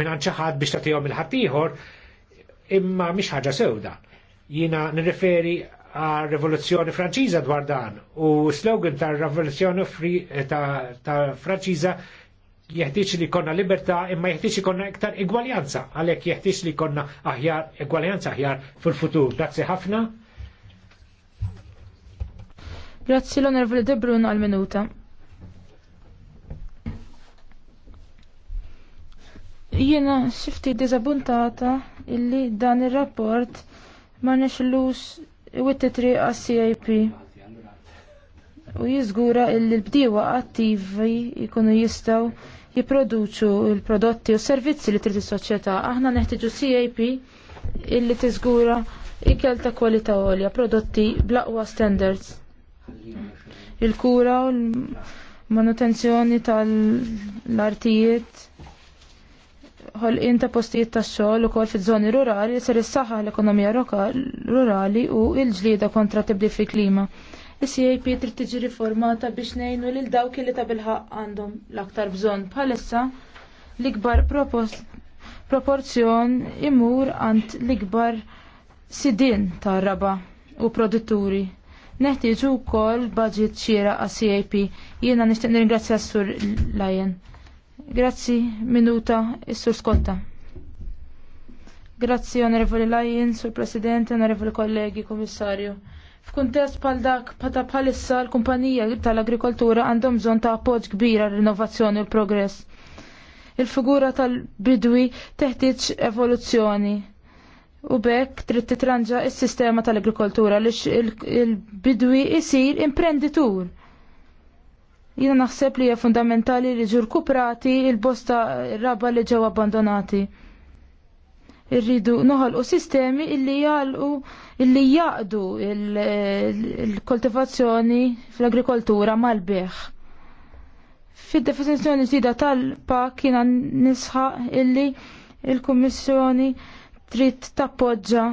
minn ċaħad biex tagħtihom il-ħaddieħor imma mhix ħaġa sewda. Jina nirreferi għal rivoluzzjoni franċiża dwar dan u slogan ta' rivoluzzjoni ta', ta franċiża jeħtieġ li konna libertà imma jeħtieġ konna iktar igwaljanza għalhekk jeħtieġ li konna aħjar igwaljanza aħjar fil-futur. Grazzi ħafna. Grazzi l-Onorevoli De Bruno għal minuta. Jiena xifti diżabuntata illi dan ir-rapport ma lus wittitri għas-CIP u jizgura illi l-bdiewa attivi jkunu jistaw jipproduċu il-prodotti u servizzi li trid is-soċjetà. Aħna neħtieġu CAP illi tiżgura ikel ta' kwalità għolja, prodotti blaqwa standards. Il-kura u l-manutenzjoni tal-artijiet ħolqien ta' postijiet ta' xogħol ukoll fiż-żoni rurali ser issaħħaħ l-ekonomija rurali u l-ġlieda kontra tibdil fil-klima. Is-CAP trid tiġi riformata biex ngħinu lil dawk li ta' bilħaq għandhom l-aktar bżonn bħalissa l-ikbar proporzjon imur għand l-ikbar sidin ta' raba u produtturi. Neħtieġu wkoll budget xieraq għas CAP. Jiena nixtieq nirringrazzja s-sur Lajen. Grazzi minuta s-sur Scotta. Grazzi onorevoli Lajen, sur President, onorevoli kollegi, Kummissarju. F'kuntest pal dak pata palissa l-kumpanija tal-agrikoltura għandhom bżon ta' appoġġ kbir għal innovazzjoni u progress. Il-figura tal-bidwi teħtieġ evoluzzjoni. U bekk trid titranġa s-sistema tal-agrikoltura li il-bidwi isir imprenditur. Jina naħseb li hija fundamentali li ġur kuprati il-bosta raba li ġew abbandonati irridu noħolqu sistemi illi jgħalqu illi jaqdu il-koltivazzjoni fl-agrikoltura mal-beħ. Fid-definizjoni ġdida tal-pak kiena nisħaq illi il-Kummissjoni trid tappoġġa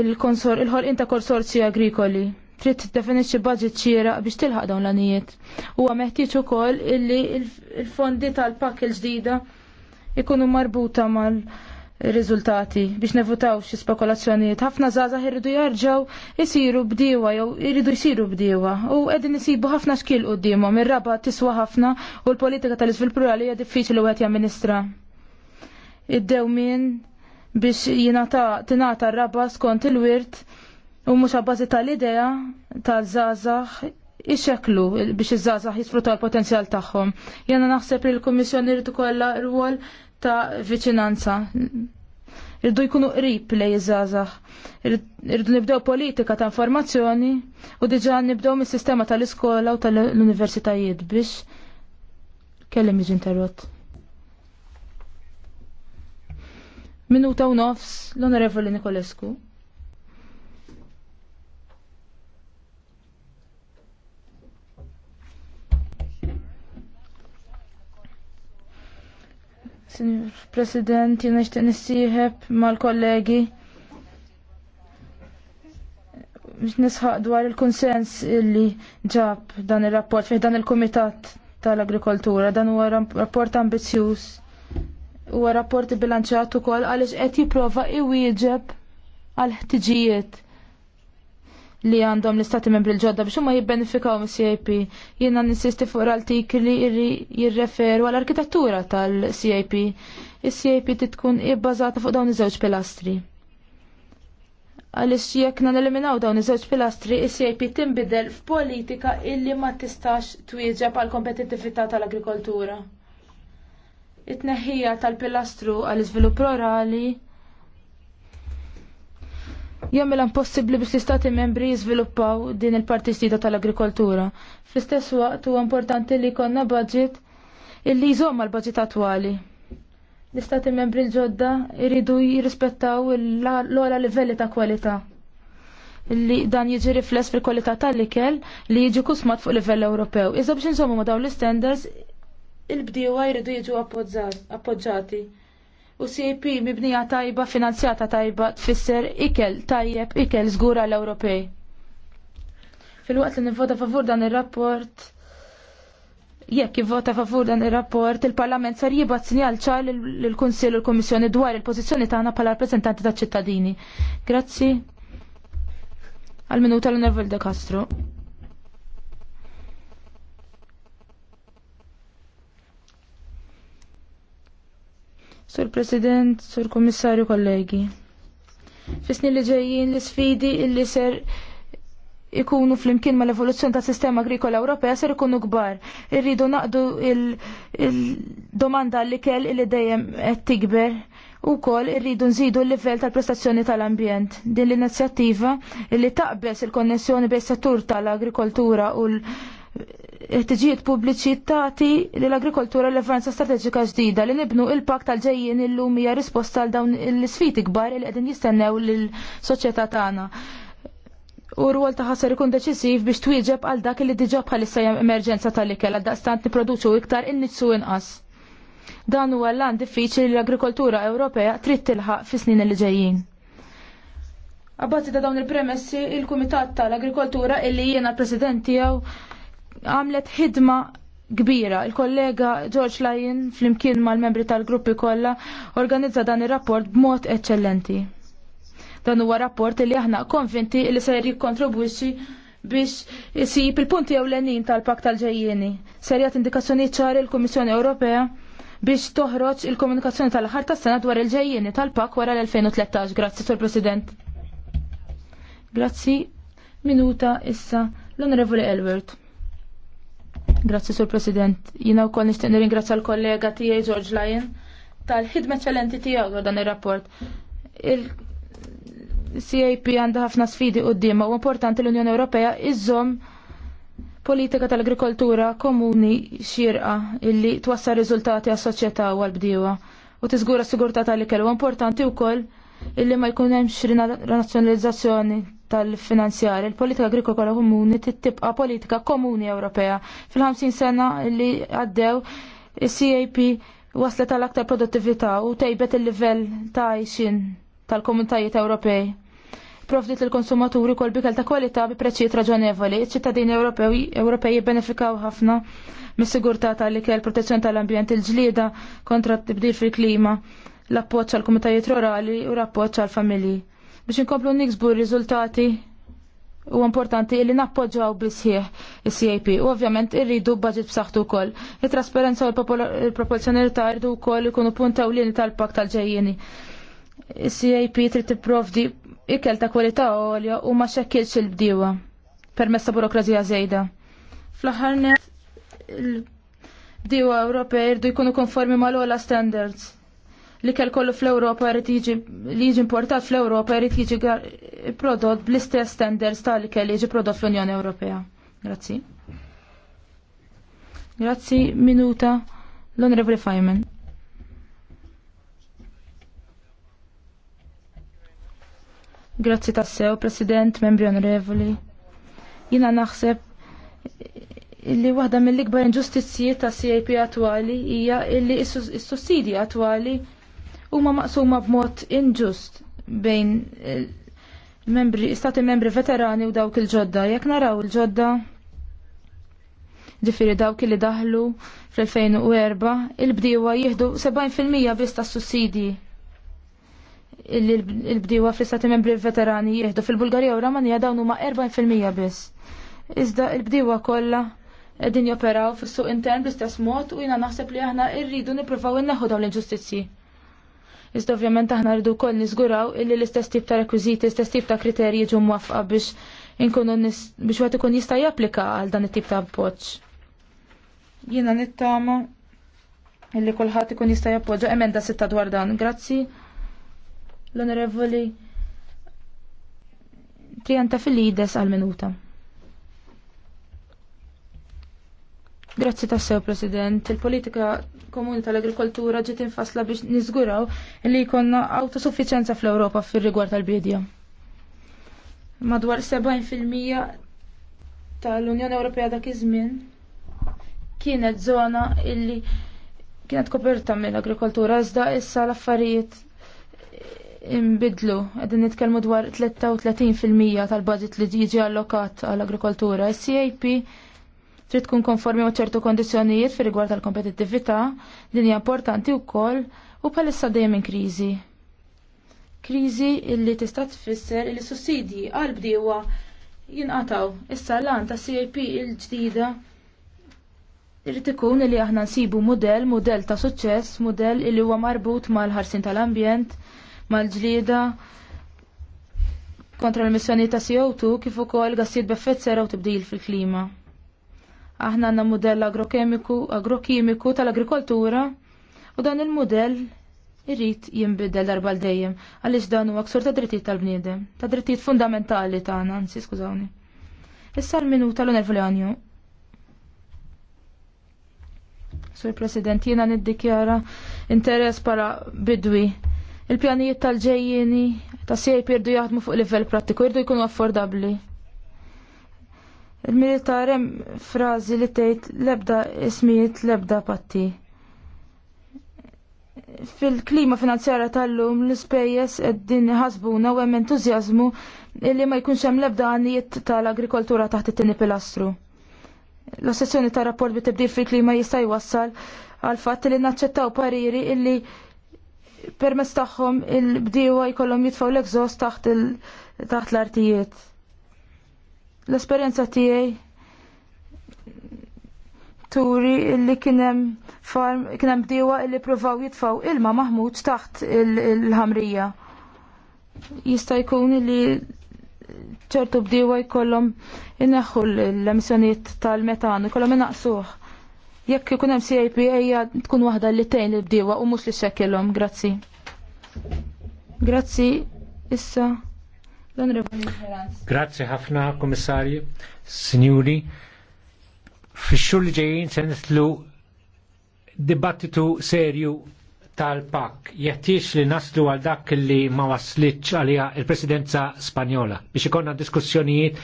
il-ħolqien ta' konsorzji agrikoli trid tiddefinixxi budget xieraq biex tilħaq dawn l-anijiet. Huwa meħtieġ ukoll illi il-fondi tal-pak il-ġdida ikunu marbuta mal- riżultati biex nevutaw xi spekulazzjonijiet. Ħafna żgħażagħ irridu jarġgħu jsiru bdiewa jew iridu jsiru bdiewa u qegħdin isibu ħafna xkil quddiemhom ir-raba tiswa ħafna u l-politika tal-iżvilupp rurali hija diffiċli wieħed jamministra. Iddew min biex jingħata tingħata r-raba skont il-wirt u mhux abbażi tal-idea tal-żgħażagħ ixxeklu biex iż-żgħażagħ jisfrutaw il-potenzjal tagħhom. Jena naħseb li l-Kummissjoni rid ikollha rwol ta' viċinanza. Irdu jkunu qrib lejn iż-żgħażagħ. Irdu nibdew politika ta' informazzjoni u diġà nibdew mis-sistema tal-iskola u tal-universitajiet biex kellim jiġi interrott. Minuta u nofs l-Onorevoli Nikolescu. Signor President, jena xten nissieħeb mal-kollegi. Mix nisħaq dwar il-konsens illi ġab dan il-rapport fih dan il-Komitat tal-Agrikoltura. Dan huwa rapport ambizjuż. Huwa rapport bilanċjat ukoll għaliex qed jipprova iwieġeb għal ħtiġijiet li għandhom l-istati membri l-ġodda biex huma jibbenefikaw mis-CIP. Jiena ninsisti fuq l-artikli li jirreferu għall-arkitettura tal-CIP. Is-CIP titkun ibbażata fuq dawn iż-żewġ pilastri. Għaliex jekk naneliminaw dawn iż-żewġ pilastri, is-CIP tinbidel f'politika illi ma tistax twieġeb għal kompetittività tal-agrikoltura. it tneħħija tal-pilastru għall-iżvilupp rurali jagħmel impossibbli biex l-istati membri jiżviluppaw din il-parti ġdida tal-agrikoltura. Fl-istess waqt huwa importanti li jkollna budget illi jżomm l budget attwali. L-istati membri l-ġodda jridu jirrispettaw l ogħla livelli ta' kwalità li dan jiġi rifless fil-kwalità tal-ikel li jiġi kusmat fuq livell Ewropew. Iżda biex insommu ma dawn l-standards il-bdiewa jridu jiġu appoġġati. U CP mibnija tajba, finanzjata tajba, tfisser ikel tajjeb, ikel zgura l-Ewropej. Fil-waqt li nivvota favur dan il-rapport, jekk jivvota favur dan il-rapport, il-Parlament sar jibat sinjal ċar l-Kunsil u l-Komissjoni dwar il-pozizjoni tagħna bħala rappresentanti ta' ċittadini. Grazzi. Għal-minuta l nervil de Castro. Sur President, Sur Kommissarju, kollegi. Fisni li ġejjin l sfidi illi ser ikunu fl-imkien ma l-evoluzzjoni ta' sistema agrikola Ewropea ser ikunu kbar. Irridu naqdu il-domanda il li kell illi dejjem qed tikber. U kol irridu nżidu l-livell tal-prestazzjoni tal-ambjent. Din l-inizjattiva li taqbes il-konnessjoni bejn settur tal-agrikoltura u l- ħtiġijiet pubbliċi tagħti lill agrikoltura l referenza strateġika ġdida li nibnu il pakt tal-ġejjin illum hija risposta għal dawn l isfiti kbar li qegħdin jistennew lill-soċjetà tagħna. U rwol ta' ħasar ikun deċisiv biex twieġeb għal dak li diġà bħalissa emerġenza tal-ikel għal daqstant niproduċu iktar innitsu inqas. Dan huwa l għan diffiċli li l-agrikoltura Ewropea trid tilħaq fis-snin li ġejjin. Abbazzi ta' dawn il-premessi, il-Kumitat tal-Agrikoltura illi jiena president tiegħu għamlet ħidma kbira. Il-kollega George Lyon flimkien mal-membri tal-gruppi kollha organizza dan ir-rapport b'mod eċċellenti. Dan huwa rapport li aħna konvinti li se jikkontribwixxi biex isib il-punti ewlenin tal pakt tal-ġejjeni. jagħti indikazzjoni ċari l-Kummissjoni Ewropea biex toħroġ il-komunikazzjoni tal aħħar tas-sena dwar il-ġejjeni tal-pak wara l-2013. Grazzi, Sur President. Grazzi. Minuta issa l-Onorevoli Elwert. Grazzi, Sur President. Jina u nixtieq nirringrazzja l-kollega tiegħi George Lyon tal-ħidma ċellenti tiegħu dan ir-rapport. Il-CAP għandha ħafna sfidi qudiema u importanti l-Unjoni Ewropea iżomm politika tal-agrikoltura komuni xirqa illi twassal riżultati għas soċjetà u għal-bdiewa u tiżgura sigurtà tal-ikel u importanti wkoll illi ma jkun hemm tal-finanzjar. Il-politika agrikola komuni tittibqa politika komuni Ewropea. Fil-50 sena li għaddew il-CAP waslet tal aktar produttività u tejbet il-livell ta' għajxin tal-komunitajiet Ewropej. Profdit il-konsumaturi kol bikel ta' kwalità bi preċijiet raġonevoli. Iċ-ċittadini Ewropej jibbenefikaw ħafna mis-sigurtà tal-ikel, protezzjoni tal-ambjent, il-ġlida kontra t-tibdil fil-klima, l-appoċ għal-komunitajiet rurali u l-appoċ għal-familji Biex inkomplu niksbu r-riżultati u importanti li nappoġġaw bisħieħ is-CAP. U ovvjament irridu budget b'saħħtu wkoll. Il-trasparenza u l-proporzjonalità rridu wkoll ikunu punta u tal-pak tal-ġejjeni. Is-CAP trid tipprovdi ikel ta' kwalità għolja u ma xekkilx il-bdiewa permezz ta' burokrazija żejda. Fl-aħħar net il-bdiewa Ewropej irdu jkunu konformi mal-ola standards li kell kollu fl europa jrid jiġi li jiġi importat fl-Ewropa jrid jiġi prodott bl-istess standards tal li kell jiġi prodott fl-Unjoni Ewropea. Grazzi. Grazzi, minuta l-Onorevoli Feynman. Grazzi tassew, President, membri onorevoli. Jina naħseb illi waħda mill-ikbar inġustizzji ta' CAP attuali hija illi s sussidi attwali huma maqsuma b'mod inġust bejn eh, membri, stati membri veterani u dawk il-ġodda. Jekk naraw il-ġodda ġifiri dawk li daħlu fl-2004 il bdiwa jihdu 70% biss tas sussidi il bdiwa fl-istati membri veterani jihdu fil-Bulgarija u Romanija dawn huma 40% biss. Iżda il-bdiewa kollha qegħdin joperaw fis-suq intern bl-istess mod u jina naħseb li aħna rridu nippruvaw inneħu dawn l-inġustizzji. Iżda ovvjament aħna rridu wkoll niżguraw illi l-istess tip ta' rekwiżiti, l-istess tip ta' kriterji ġu mwafqa biex inkunu biex wieħed ikun jista' japplika għal dan it-tip ta' appoġġ. Jiena nittama illi kulħadd ikun jista' jappoġġa emenda sitta dwar dan. Grazzi. L-Onorevoli Trianta Filides għal-minuta. Grazzi ta' sew, President. Il-politika komuni tal-agrikoltura ġiet infasla biex niżguraw li jkollna autosuffiċenza fl-Ewropa fir-rigward tal-bidja. Madwar 70% tal-Unjoni Ewropea dak iż-żmien kienet żona illi kienet koperta mill-agrikoltura iżda issa l-affarijiet imbidlu, għedin nitkelmu dwar 33% tal-budget li jiġi allokat għall-agrikoltura. CAP trid tkun konformi ma' ċertu kondizzjonijiet fir rigward tal-kompetittività, din hija importanti wkoll u bħalissa dejjem minn kriżi. Kriżi illi tista' tfisser li sussidji għal bdiewa jinqataw. Issa l-an ta' CAP il-ġdida irrid ikun li aħna nsibu mudell, mudell ta' suċċess, mudell illi huwa marbut mal-ħarsin tal-ambjent, mal-ġlieda, kontra l-emissjoni ta' CO2 kif ukoll gassijiet b'effett serra u tibdil fil-klima. Aħna għandna mudell agrokemiku, agrokimiku tal-agrikoltura u dan il-mudell irrid jinbidel darba dejjem għaliex dan huwa ksur ta' drittijiet tal-bniedem, ta' drittijiet fundamentali tagħna, anzi skużawni. Issa l-minuta l-onervlanju. Sur President, jiena niddikjara interess para bidwi il-pjanijiet tal-ġejjini ta' sej jirdu jaħdmu fuq livell prattiku, jirdu jkunu affordabli. Il-militar hemm frażi li tgħid l-ebda ismijiet l-ebda patti. Fil-klima finanzjara tal-lum l-ispejjeż qegħdin ħasbuna u hemm entużjażmu li ma jkunx hemm l-ebda għanijiet tal-agrikoltura taħt it-tieni pilastru. L-ossessjoni ta' rapport bi tibdil fil-klima jista' jwassal għal fatt li naċċettaw pariri illi permezz tagħhom il-bdiewa jkollhom jitfgħu l-egżost taħt l-artijiet L-esperjenza tiegħi turi kien kienem farm kienem bdiewa li provaw jitfaw ilma maħmut taħt il-ħamrija. Jista' jkun li ċertu bdiewa jkollhom inneħħu l-emissjonijiet tal-metan, ikollhom inaqsuh. Jekk ikun hemm CIP hija tkun waħda li tgħin il-bdiewa u mhux li xekkilhom, grazzi. Grazzi, issa Grazie ħafna, komissarju, signori. fix li ġejjin se nitlu dibattitu serju tal-pak jettiex li naslu għal dak li ma waslitx għalija il-presidenza spanjola biex ikonna diskussjonijiet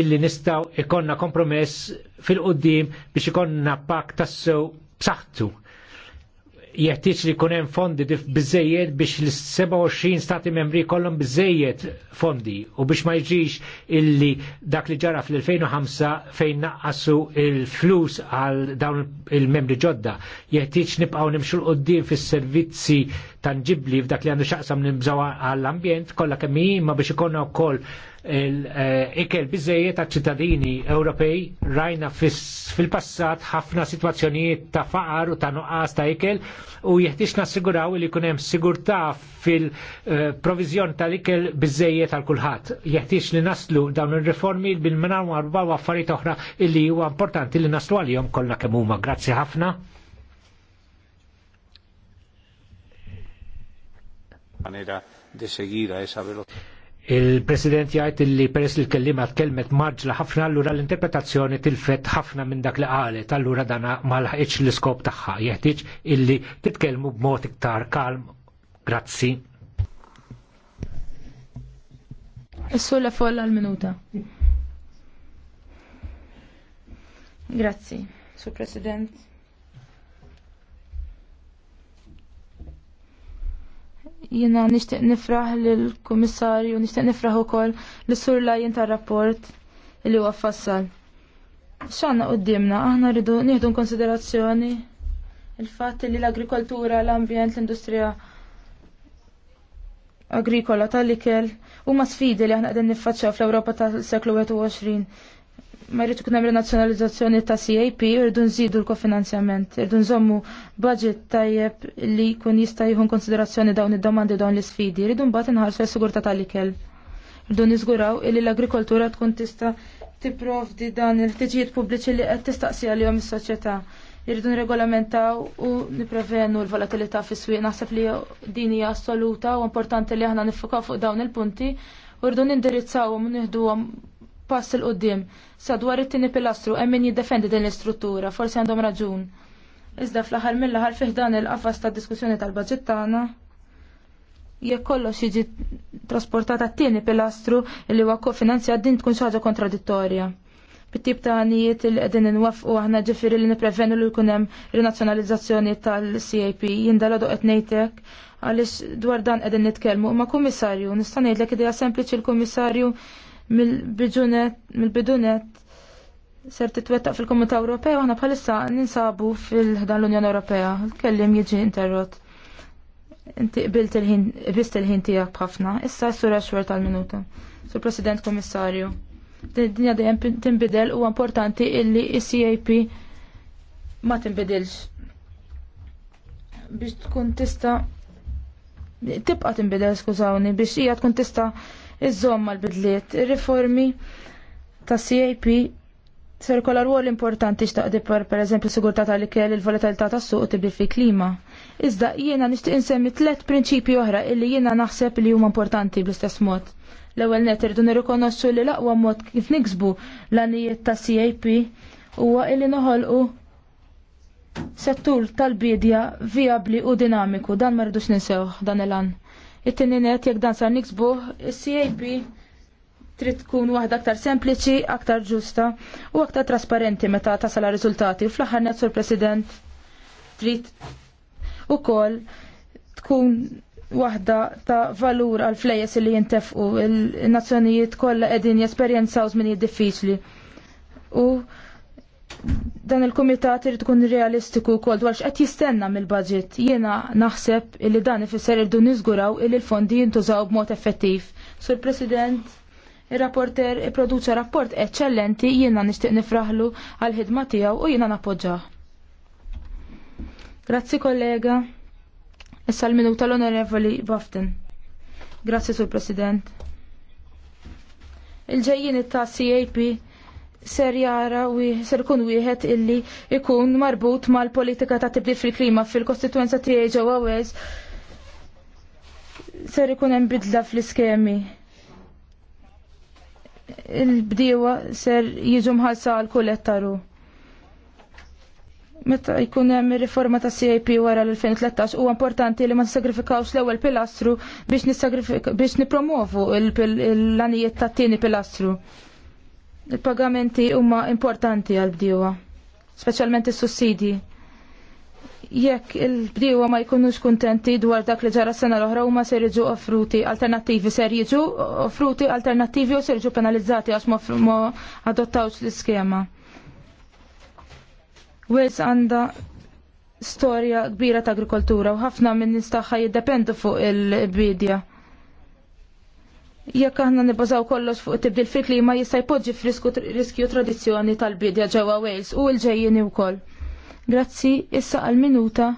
illi nistaw ikonna kompromess fil-qoddim biex ikonna pak tassew b'saħħtu jeħtieġ li jkun hemm fondi biżejjed biex l-27 stati membri jkollhom biżejjed fondi u biex ma jiġix illi dak li ġara fl-2005 fejn naqqasu il-flus għal dawn il-membri ġodda. Jeħtieġ nibqgħu nimxu l-qoddim fis-servizzi tangibli f'dak li għandu xaqsam nimbżaw għall-ambjent kollha kemm ma biex ikonna wkoll eh, ikel bizzejiet ta' ċittadini Ewropej rajna fil-passat ħafna sitwazzjonijiet ta' faqar u ta' nuqqas ta' ikel u jeħtiex nassiguraw li jkun hemm sigurtà fil-proviżjon eh, tal-ikel bizzejiet għal kulħadd. Jeħtiex li naslu dawn ir-riformi bil-minar warba u għaffariet oħra illi huwa importanti li naslu għal kollha kemm huma. Grazzi ħafna. manera de seguir a esa velocidad. Il-President jgħid li peress il kellima tkellmet marġla ħafna allura l-interpretazzjoni tilfet ħafna minn dak li qalet allura dana ma laħqitx l-iskop tagħha. Jeħtieġ illi titkellmu b'mod iktar kalm. Grazzi. Is-sulla folla l-minuta. Grazzi, Sur President. Jina nishtiq nifraħ l-komissarju, nishtiq nifraħ u koll l-sur lajn ta' rapport li huwa fassal. d-dimna, aħna rridu nieħdu konsiderazzjoni il fat li l-agrikoltura, l-ambjent, l-industrija agrikola tal-ikel huma sfidi li aħna qegħdin niffaċċjaw fl-Ewropa tas-seklu 21 ma jrid ikun hemm renazzjonalizzazzjoni ta' CAP irdu nżidu l-kofinanzjament, irdu nżommu budget tajjeb li jkun jista' jieħu konsiderazzjoni dawn id-domandi dawn l-isfidi, Irridu mbagħad inħarsu s sigurta tal-ikel. Irdu niżguraw illi l-agrikoltura tkun tista' tipprovdi dan il-ħtiġijiet pubbliċi li qed tistaqsija lihom is-soċjetà. Irridu nregolamentaw u niprevenu l-volatilità fis-swieq naħseb li din hija assoluta u importanti li aħna nifukaw fuq dawn il-punti u rridu nindirizzawhom u nieħduhom pass il qoddim sa dwar it-tieni pilastru hemm min jiddefendi din l-istruttura, forsi għandhom raġun. Iżda fl-aħħar mill-aħħar fih dan il-qafas ta' diskussjoni tal-baġit tagħna jekk kollox jiġi trasportata t-tieni pilastru li huwa kofinanzjat din tkun xi ħaġa kontradittorja bit-tip ta' għanijiet li għedin nwafqu aħna ġifiri li niprevenu li hemm rinazzjonalizzazzjoni tal-CAP jindala doqet nejtek għalix dwar dan għedin nitkelmu. Ma kummissarju, nista' l idea sempliċi l-kummissarju mill-bidunet ser titwettaq fil-Komunità Ewropea aħna bħalissa ninsabu fil-ħdan l-Unjoni Ewropea. Kellim jiġi interrot. Inti qbilt il-ħin, qbist il-ħin tiegħek b'ħafna. Issa sura xwer tal-minuta. Sur President Komissarju. Dinja dejjem tinbidel u importanti illi s cap ma tinbidilx. Biex tkun tista' tibqa' tinbidel skużawni biex hija tkun tista' Iż-żomm mal-bidliet. Ir-riformi ta' CAP ser kolla rwol importanti xtaqdi per per eżempju sigurtà tal-ikel il-volatilità tas-suq tibdil fil-klima. Iżda jiena nixtieq insemmi tliet prinċipji oħra illi jiena naħseb li huma importanti bl-istess mod. L-ewwel net irdu nirrikonoxxu li l-aqwa mod kif niksbu l-għanijiet ta' CAP huwa illi noħolqu settur tal-bidja viabli u dinamiku dan ma rridux ninsewh dan il-an. It-tieni net jekk dan sar niksbu, is-CAP trid tkun waħda aktar sempliċi, aktar ġusta u aktar trasparenti meta tasal riżultati. Fl-aħħar net sur President trid ukoll tkun waħda ta' valur għal flejes li jintefqu il-nazzjonijiet kollha qegħdin jesperjenzaw żminijiet diffiċli. U dan il-komitat irid ikun realistiku wkoll dwar x'qed jistenna mill-budget. Jiena naħseb illi dan ifisser irdu niżguraw illi l-fondi jintużaw b'mod effettiv. Sur President, ir-rapporter ipproduċa rapport eċċellenti jiena nixtieq nifraħlu għal ħidma tiegħu u jiena nappoġġah. Grazzi kollega. Issa l-minuta l-onorevoli Bafton. Grazzi sur President. Il-ġejjien it tassi ser jara u ser kun wieħed illi ikun marbut mal-politika ta' tibdil fil-klima fil-kostituenza tiegħi ġewwa Wales ser ikun hemm bidla fl-iskemi. Il-bdiewa ser jiġu mħalsa għal kull ettaru. Meta jkun hemm ir-riforma ta' CIP wara l-2013 huwa importanti li ma nsagrifikawx l-ewwel pilastru biex biex nipromovu l-għanijiet tat-tieni pilastru. Il-pagamenti huma importanti għal bdiewa, speċjalment is-sussidi. Jekk il-bdiewa ma jkunux kuntenti dwar dak li ġara sena l-oħra huma ser jiġu offruti alternattivi, ser jiġu offruti alternattivi u ser jiġu penalizzati għax ma adottawx l-iskema. Wales għanda storja kbira ta' agrikoltura u ħafna minn nistaħħa jiddependu fuq il-bidja. Jekk aħna nibbażaw kollox fuq tibdil fil-klima jista' jpoġġi riskju tradizzjoni tal-bidja ġewwa Wales u l-ġejjin ukoll. Grazzi, issa għal minuta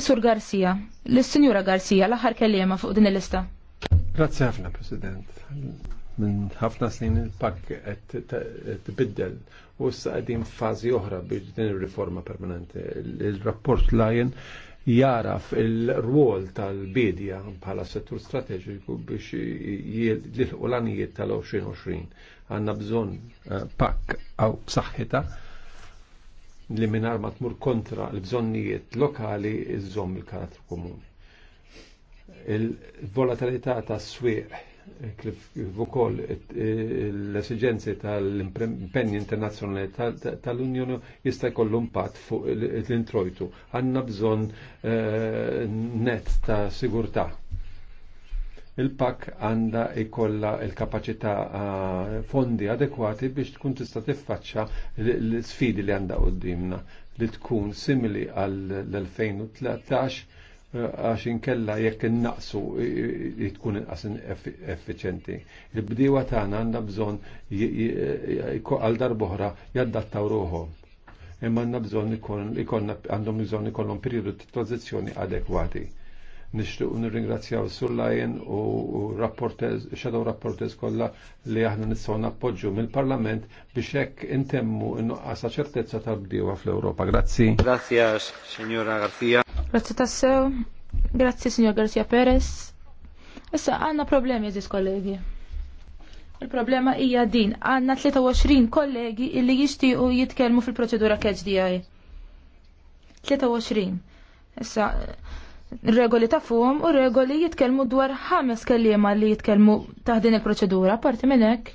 Isur Garcia, l-Sinjura Garcia, l-aħħar kelliema fuq din il-lista. Grazzi ħafna, President. Minn ħafna snin il pakk qed tbiddel u issa qegħdin f'fażi oħra biex din ir-riforma permanenti. Il-rapport Lion jaraf il-rwol tal-bidja bħala settur strateġiku biex jilħu l-anijiet tal-2020. Għanna bżon eh, pakk għaw saħħita li minar ma tmur kontra l-bżonnijiet lokali iżżomm il-karattru komuni. Il-volatilità ta' swieq kif ukoll l-esigenzi tal-impenni internazzjonali tal-Unjoni jista' jkollu impatt fuq l-introjtu. Għandna bżonn eh, net ta' sigurtà. Il-pak għanda ikolla il-kapacità eh, fondi adekwati biex tkun tista' tiffaċċa l-sfidi li għandha qudiemna li tkun simili għall-2013 għax inkella jekk innaqsu li tkun inqas effiċenti. il bdiwa tagħna għandna bżonn għal darbohra jaddattaw ruħhom. Imma għandna bżonn ikollna għandhom bżonn ikollhom periodu ta' tranzizzjoni adekwati nishtuq nirringrazzjaw Sullajn u rapportez, shadow rapportez kolla li aħna nistgħu nappoġġu mill-Parlament biex hekk intemmu innuqqasa ċertezza tal-bdiewa fl-Ewropa. Grazzi. Grazzi, Signora Garcia. Grazzi tassew. Grazzi, Signor Garcia Perez. Issa għandna problemi eżis kollegi. Il-problema hija din, għandna 23 kollegi illi jixtiequ jitkellmu fil-proċedura catch DI. 23. Issa, regoli ta' fuqhom u regoli jitkellmu dwar ħames kelliema li jitkellmu taħt din il-proċedura, parti minn hekk.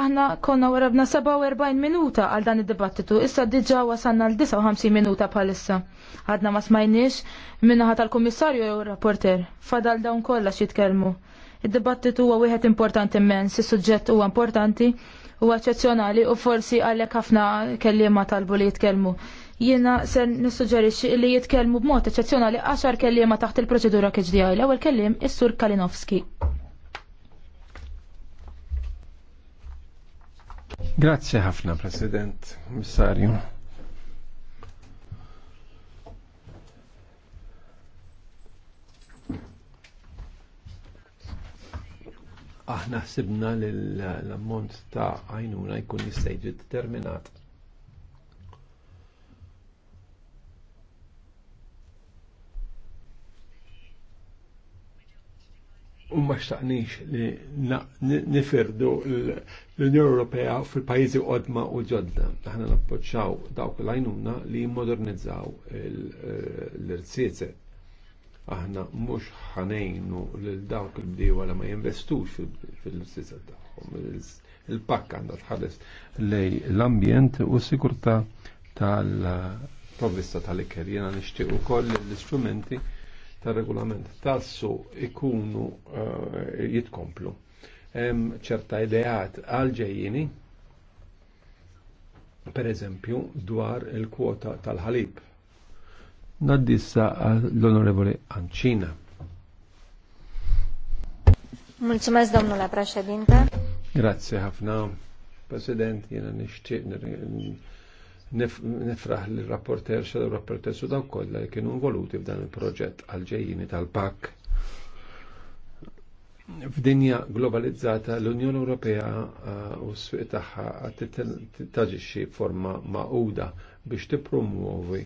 Aħna konna warabna 47 minuta għal dan id-dibattitu, issa diġa wasanna l-59 minuta bħalissa. Għadna ma smajniex minnaħat tal-Kummissarju jew rapporter, fadal dawn kollha jitkellmu. Id-dibattitu huwa wieħed importanti immens, is-suġġett huwa importanti u eċċezzjonali u forsi għalhekk ħafna kelliema talbu li jitkellmu jiena sen nissuġġerixxi li jitkellmu b'mod eċċezzjonali għaxar kelliema taħt il-proċedura KHDI. L-ewwel kelliem is-Sur Kalinowski. Grazzi ħafna, President, Missarju. Aħna ħsibna l-ammont ta' għajnuna jkun jista' determinat u ma xtaqnix li nifirdu l-Unjoni Ewropea fil-pajjiżi qodma u ġodda. Aħna nappoġġaw dawk l-għajnuna li modernizzaw eh, l-irsieze. Aħna mhux ħanejnu lil dawk il-bdiewa li ma jinvestux fil-irsieze taħħom. Il-pakka għandha tħares lej l-ambjent u s-sigurtà tal-provvista tal-ikker. Jena nixtieq ukoll l-istrumenti tal-regolament tassu ikunu eh, jitkomplu. Hemm ċerta ideat għal-ġejjini, per eżempju, dwar il-kwota tal-ħalib. Naddissa l-Onorevole Ancina. Mulțumesc, domnule președinte. Grazie, ħafna. President, jena nishtiq nifraħ li rapporter xa rapporter su dawk kolla li kienu involuti f'dan il-proġett għal-ġejjini tal-pak. F'dinja globalizzata l-Unjoni Ewropea uh, u s-sfiq tagħha taġixxi forma maquda biex tippromuovi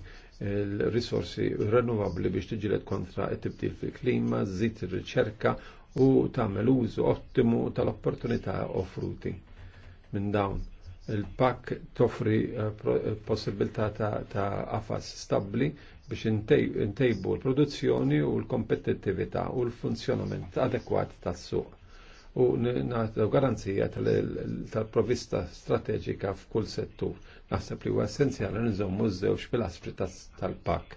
il-risorsi rinnovabbli biex tiġilet kontra t-tibdil fil-klima, żid ir-riċerka u tagħmel użu ottimu tal-opportunità offruti minn dawn Il-pak toffri eh, eh, possibilità ta' qafas stabbli biex intejbu l-produzzjoni u l-kompetittività u l-funzjonament adekwat tas-suq u nagħtu garanzija tal-provista strateġika f'kull settur. Naħseb li huwa essenzjali nżommu ż-żewġ pilastri tal-pak.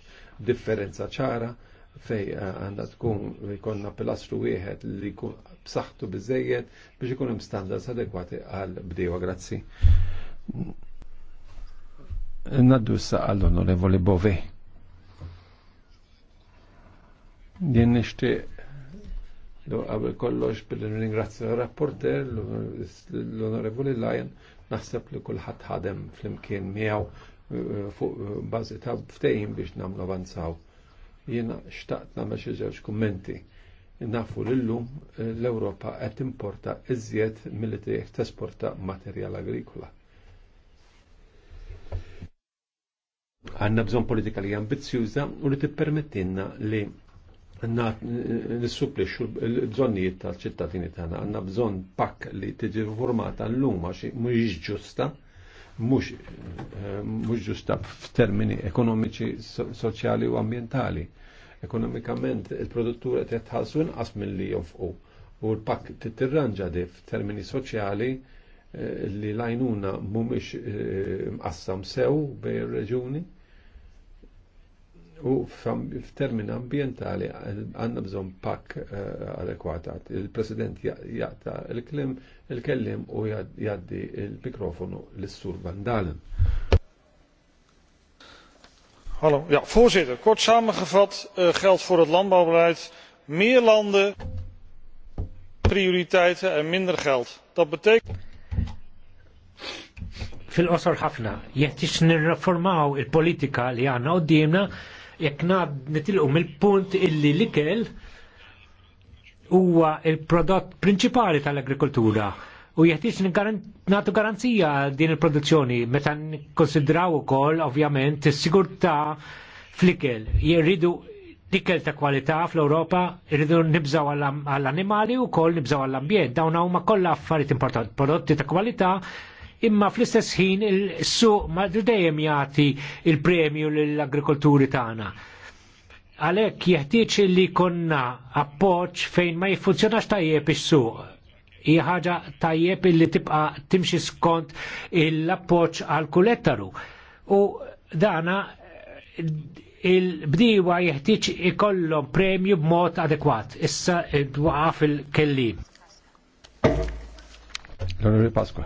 Differenza ċara fej eh, għandha tkun jkollna pilastru wieħed li jkun b'saħħtu biżejjed biex ikun hemm standards adekwati għal bdiewa grazzi. Naddu issa għall-Onorevoli Bovi. Din nixtieq għabel kollox bil-ringrazzja rapporter l-Onorevoli Lion naħseb li kulħadd ħadem fl-imkien miegħu eh, fuq eh, bażi ta' ftehim biex nagħmlu avanzaw Jiena xtaqt nagħmel xi ġewġ kummenti. Nafu l-lum eh, l-Ewropa qed importa iżjed milli tieħ tesporta materjal agrikola. Għanna bżon politika li ambizzjuża u li tippermettilna li nissuplixxu l-bżonnijiet tal-ċittadini tagħna. Għandna bżonn pakk li tiġi formata llum għax mhijiex ġusta mhux eh, mux ġusta f'termini ekonomiċi, soċjali u ambientali. Ekonomikament il-produttura qed tħallsu inqas minn li u l-pak titirranġa di f'termini soċjali eh, li lajnuna mhumiex eh, mqassam sew bej ir-reġuni U f-termin ambientali għanna bżon pak eh, adekwatat. Il-President jaqta il-klim, il-kellim u jaddi il-mikrofonu l-Sur Vandalen. Hallo, ja, voorzitter. Kort samengevat uh, geldt voor het landbouwbeleid meer landen, prioriteiten en minder geld. Dat betekent fil-qosor ħafna, jettix nirreformaw il-politika li għanna u jekk nitilqu mill-punt illi l-ikel huwa il-prodott prinċipali tal-agrikoltura u jeħtieġ nagħtu garanzija din il-produzzjoni meta nikkonsidraw ukoll ovvjament is-sigurtà fl-ikel. Jirridu ikel ta' kwalità fl-Ewropa, irridu nibżaw għall animali u koll nibżaw għall-ambjent. Dawn huma kollha affarijiet importanti, prodotti ta' kwalità imma fl-istess ħin il-suq ma dejjem jagħti il-premju lill-agrikolturi tagħna. Għalhekk jeħtieġ li konna appoġġ fejn ma jiffunzjonax tajjeb is suq hija ħaġa tajjeb illi tibqa' timxi skont l-appoġġ għal kulettaru. U dana il bdiwa jeħtieġ ikollhom premju b'mod adekwat. Issa waqaf il-kellim. l Pasqua.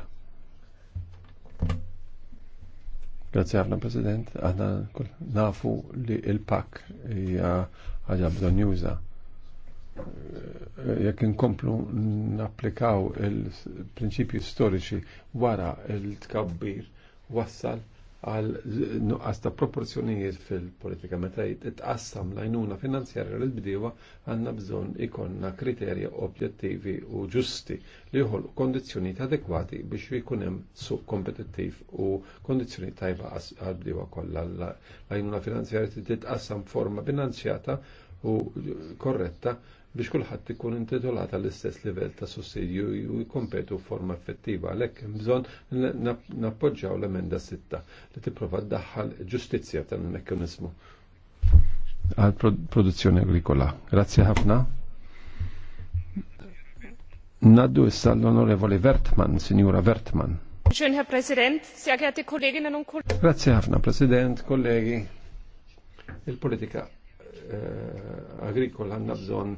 Grazie għafna, President. Aħna nafu li il-pak hija ħaġa bżonn juża. Eh, jekk inkomplu napplikaw il-prinċipju storiċi wara il-tkabbir wassal għal nuqqas ta' proporzjonijiet fil-politika meta jitqassam lajnuna finanzjarja l bdiewa għandna bżonn ikonna kriterja objettivi u ġusti li joħolqu kondizzjonijiet adekwati biex jkun hemm suq kompetittiv u kondizzjonijiet tajba għal bdiewa kollha lajnuna finanzjarja titqassam forma finanzjata u korretta biex kulħadd ikun intitolat għall istess livell ta' sussidju u jkompetu f'forma effettiva għalhekk bżonn nappoġġjaw l-emenda sitta li tipprova ddaħħal ġustizzja tal mekkanizmu għal produzzjoni agrikola. Grazzi ħafna. Naddu issa l-Onorevoli Vertman, Signora Vertman. Herr sehr geehrte Kolleginnen und Kollegen. Grazie, ħafna President, kollegi. Il-politika eh, agrikola għanna bżonn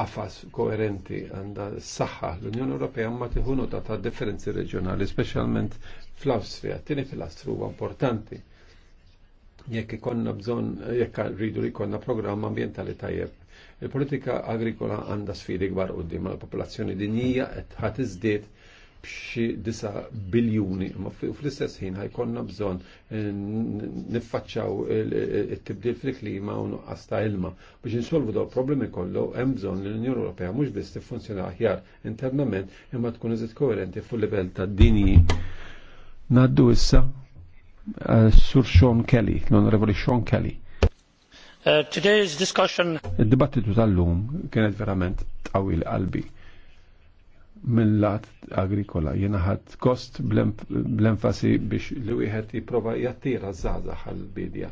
għafas koerenti għanda s-saxħa l-Unjoni Ewropea ma tiħu nota ta' differenzi reġjonali, speċjalment fl Tini Tieni pilastru huwa importanti. Jekk ikonna bżonn jekk rridu li jkollna programm ambjentali tajjeb. Il-politika agrikola għandha sfidi kbar quddiem l popolazzjoni dinija qed ħat iżdiet b'xi 9 biljuni, ma fl-istess ħin ħajkonna bżonn eh, niffaċċaw it-tibdil fil-klima u nuqqas ta' ilma. Biex insolvu daw problemi kollu hemm bżonn li l-Unjoni Ewropea mhux biss tiffunzjona aħjar internament imma tkun iżid koerenti fuq livell tad-dinji. Naddu issa eh, Sur Sean Kelly, l-Onorevoli Sean Kelly. Uh, today's discussion. Il-dibattitu tal-lum kienet verament tqawil qalbi minn lat agrikola. Jena ħadd kost bl-enfasi biex li wieħed jipprova jattira żgħażagħ għall-bidja.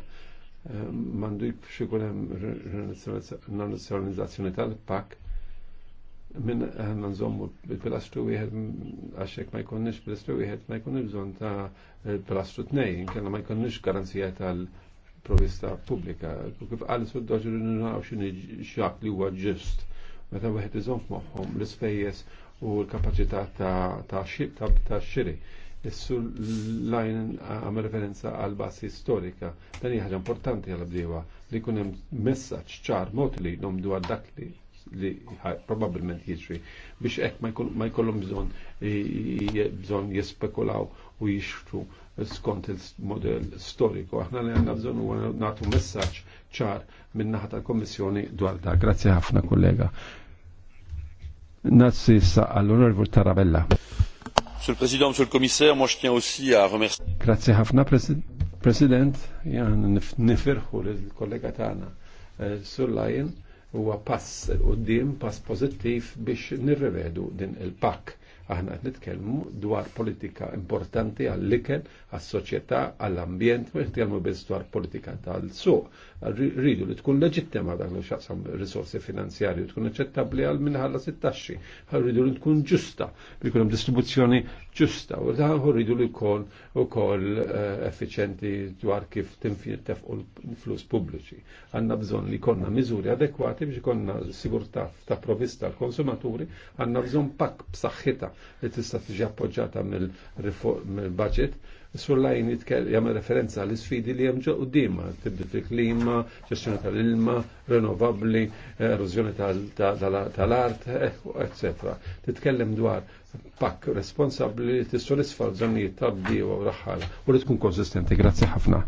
Mandu ehm, xikun hemm nazzjonalizzazzjoni tal-pak minn għanna nżommu bil-pilastru wieħed għaxek ma jkunniex pilastru wieħed ma jkunniex bżonn ta' eh, pilastru tnej, inkella ma jkunniex garanzija tal- provista pubblika. Kif għal sud doġru n-naraw xini xaq li huwa ġust meta wieħed iżomm f'moħħhom l-ispejjeż u l-kapacità ta' xiri. Issu lajn għam referenza għal basi storika. Dan hija ħaġa importanti għal bdiewa li kun hemm messaġġ ċar mod li nomdu għal dak li li probabbilment jiġri biex hekk ma jkollhom bżonn bżonn jispekulaw u jixtru skont il-modell storiku. Aħna li għandna bżonn u nagħtu messaġġ ċar minn naħa tal-Kommissjoni dwar da. Grazzi ħafna kollega. Nazzi sa għall-Onorevol Tarabella. Monsieur le Président, Monsieur le Commissaire, moi je tiens aussi à remercier. Grazie ħafna, President, Jan nifirħu l-kollega tana eh, sur lajn huwa pass qudiem, pass pożittiv biex nirrevedu din il-pakk Aħna qed nitkellmu dwar politika importanti għall-ikel, għas-soċjetà, għall-ambjent, ma nitkellmu biss dwar politika tal-suq. Rridu li tkun leġittima dak li xaqsam risorsi finanzjarji, tkun aċċettabbli għal minħalla sit-taxxi. Rridu li tkun ġusta, li jkun hemm distribuzzjoni ġusta, u daħu rridu li jkun ukoll eh, effiċenti dwar kif u l-flus pubbliċi. Għandna bżonn li jkollna miżuri adekwati biex konna sigurtà ta' provvista l-konsumaturi, għandna bżonn pakk b'saħħitha li tista' tiġi appoġġjata mill-budget. Sur lajn jagħmel referenza għal sfidi li hemm ġew qudiema, tibdil fil-klima, ġestjoni tal-ilma, renovabbli, erużjoni tal-art, eh, etc. Titkellem dwar pakk responsabbli li tissodisfa l-żonijiet tal-bdiewa u l-aħħar u li tkun konsistenti. Grazzi ħafna.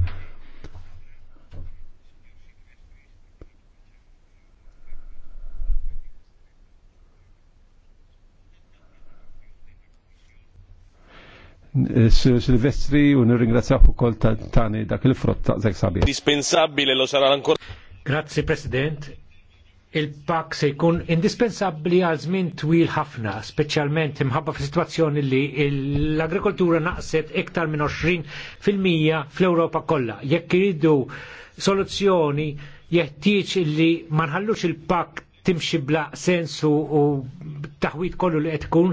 Eh, Silvestri u nirringrazzjaw ukoll tani dak il-frott ta' zek sabi. Dispensabbile lo sarà ancora. Grazzi President. Il-pak se jkun indispensabbli għal żmien twil ħafna, speċjalment imħabba f'sitwazzjoni li l-agrikoltura naqset iktar minn 20% fl-Ewropa kollha. Jekk iridu soluzzjoni jeħtieġ li ma nħallux il-pak timxi bla sensu u taħwit kollu li qed tkun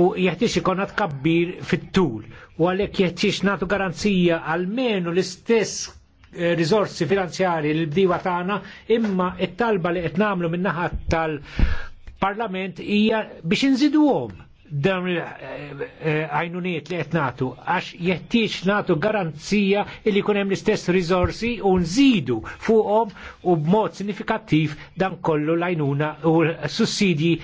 u jeħtiex ikonna kabbir fit-tul u għalhekk jeħtiex nagħtu garanzija għalmenu l-istess eh, rizorsi finanzjari l-bdiwa tagħna imma t talba li qed nagħmlu min-naħa tal-Parlament hija biex inżiduhom dawn eh, eh, għajnuniet li qed nagħtu għax jettiex nagħtu garanzija li jkun hemm l-istess rizorsi u nżidu fuqhom u b'mod signifikattiv dan kollu l-għajnuna u sussidji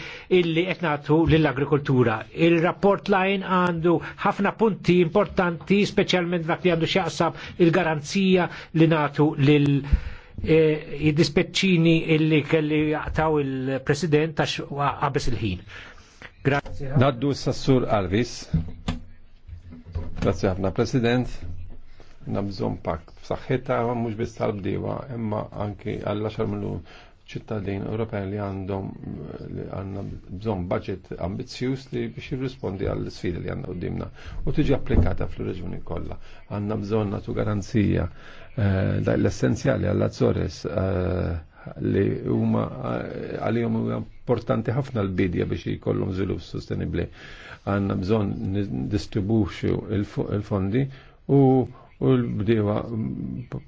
illi qed nagħtu lill-agrikoltura. Il-rapport lajn għandu ħafna punti importanti, speċjalment dak li għandu xaqsab il-garanzija li nagħtu l- eh, id-dispeċċini illi kelli jaqtaw il-president għax għabes il-ħin. Grazie. Naddu Sassur Alvis. Grazie ħafna President. Nabżon pak b'saħħitha mhux biss tal bdiwa imma anki għall xar miljun ċittadin Ewropej li għandhom li għandna bżonn budget ambizjus li biex jirrispondi għall sfide li għandna dimna u tiġi applikata fl-reġuni kollha. Għanna bżon natu garanzija eh, l-essenzjali għall-Azzores eh, li huma għalihom huwa importanti ħafna l-bidja biex jkollhom żvilupp sostenibbli. Għandna bżonn distribuxxu il-fondi u u l-bdiewa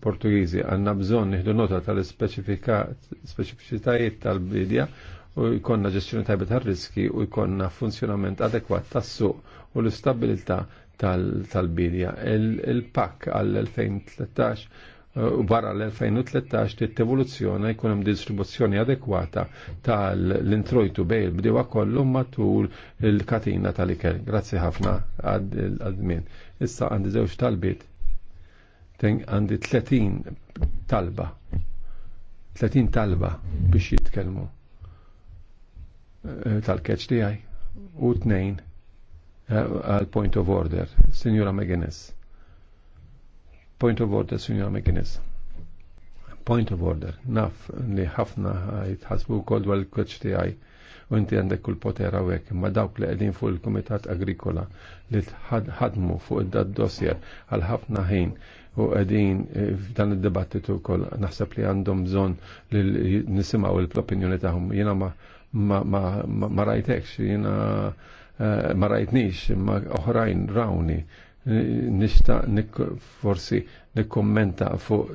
Portugiżi għandna bżonn nieħdu nota tal-speċifiċitajiet tal-bidja u jkollna ġestjoni tajba tar-riski u jkollna funzjonament adekwat tas-suq u l-istabilità tal-bidja. Il-pakk għall-2013 Eh, wara l-2013 tit-evoluzzjoni jkun hemm distribuzzjoni adekwata tal-introjtu bej il-bdiewa kollu matul il-katina tal-ikel. Grazzi ħafna għad-min. Issa għandi żewġ talbiet. Għandi 30 talba. 30 talba biex jitkellmu eh, tal-catch tiegħi u tnejn eh, għal point of order, Signora McGuinness. Point of order, Signor McGuinness. Point of order. Naf li ħafna jitħasbu kol dwar il kwetx tiegħi u inti għandek kull poter għawek, ma dawk li għedin fuq il-Komitat Agrikola li tħadmu fuq id-dossier għal ħafna ħin u għedin eh, f'dan id-dibattitu kol naħseb li għandhom bżon li nisimaw l-opinjoni taħum. Jena ma, ma, ma, ma, ma rajtekx, jena eh, ma rajtnix, ma oħrajn rawni nishta nik, forsi nikkommenta fuq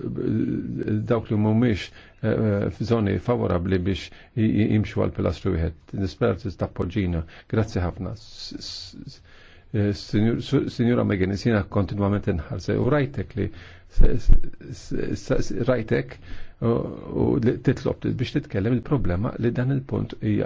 dawk li mumiex eh, eh, f'żoni favorabli biex jimxu għal pilastru wieħed. Nispera tappoġġina. Grazzi ħafna. Eh, signora Megan, jisina kontinuament nħarse u rajtek li rajtek u titlob biex titkellem il-problema li dan il-punt hija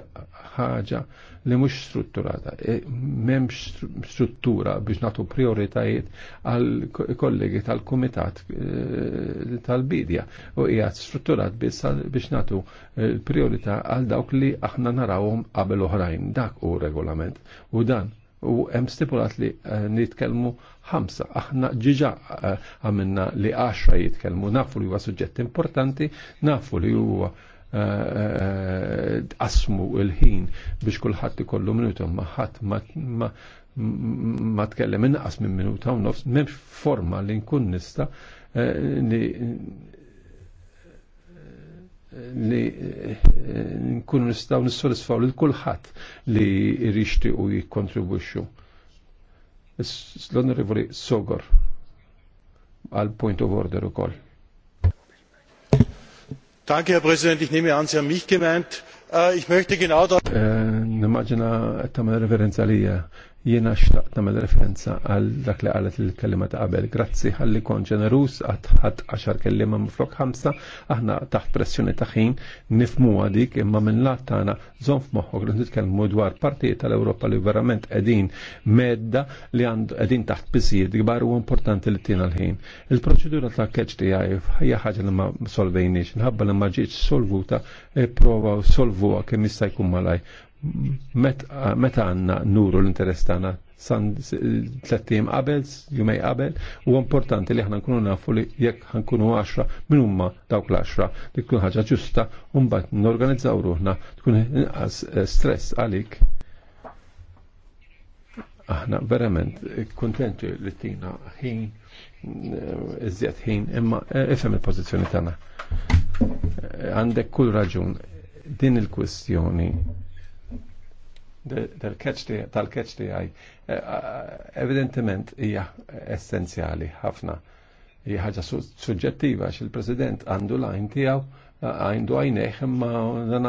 ħaġa li mhux strutturata, e, m'hemmx struttura biex nagħtu prioritajiet għal kollegi tal-kumitat e, tal-bidja u hija strutturat biex nagħtu e, priorità għal dawk li aħna narawhom qabel oħrajn dak u regolament u dan u hemm stipulat li eh, nitkellmu ħamsa. Aħna ġiġa eh, għamilna li għaxra jitkellmu, nafu li huwa suġġett importanti, nafu li huwa eh, qasmu il-ħin biex kulħadd ikollu minutu ma ħadd ma tkellem inqas minn minuta u nofs, m'hemmx forma li nkun nista' li nkunu nistaw nissolisfaw lil kulħadd li jrixti u jikkontribwixxu. L-Onorevoli Sogor għal point of order ukoll. Danke, Herr Präsident. Ich nehme an, Sie haben mich gemeint. Äh, ich möchte genau da. Äh, nimmaġina għettam referenza lija. Jiena xtaqt nagħmel referenza għal dak li qalet il-kellima ta' qabel. Grazzi ħalli kon ġenerus għad ħadd għaxar kellima miflok ħamsa, aħna taħt pressjoni ta' ħin nifmu għadik imma minn lat tagħna żon f'moħħok li nitkellmu dwar partijiet tal-Ewropa li verament qegħdin medda li qegħdin taħt biżijiet kbar u importanti li tina l-ħin. Il-proċedura ta' catch tiegħi hija ħaġa li ma solvejniex, nħabba li ma ġietx solvuta e prova solvuha kemm jista' jkun malaj meta għanna nuru l-interess tagħna san tlettim qabel, jumej qabel, u importanti li ħna nkunu nafu li jekk ħankunu 10 minn huma dawk l-10 li tkun ħaġa ġusta u mbagħad norganizzaw ruħna tkun inqas eh, stress għalik. Aħna verament kuntenti li tina ħin eh, iżjed ħin imma eh, ifhem il-pożizzjoni tagħna. Għandek kull raġun din il-kwestjoni tal-catch the għaj eh, eh, evidentement hija essenzjali ħafna. Hija ħaġa suġġettiva x il-President għandu lajn tiegħu għandu għajneħ imma dan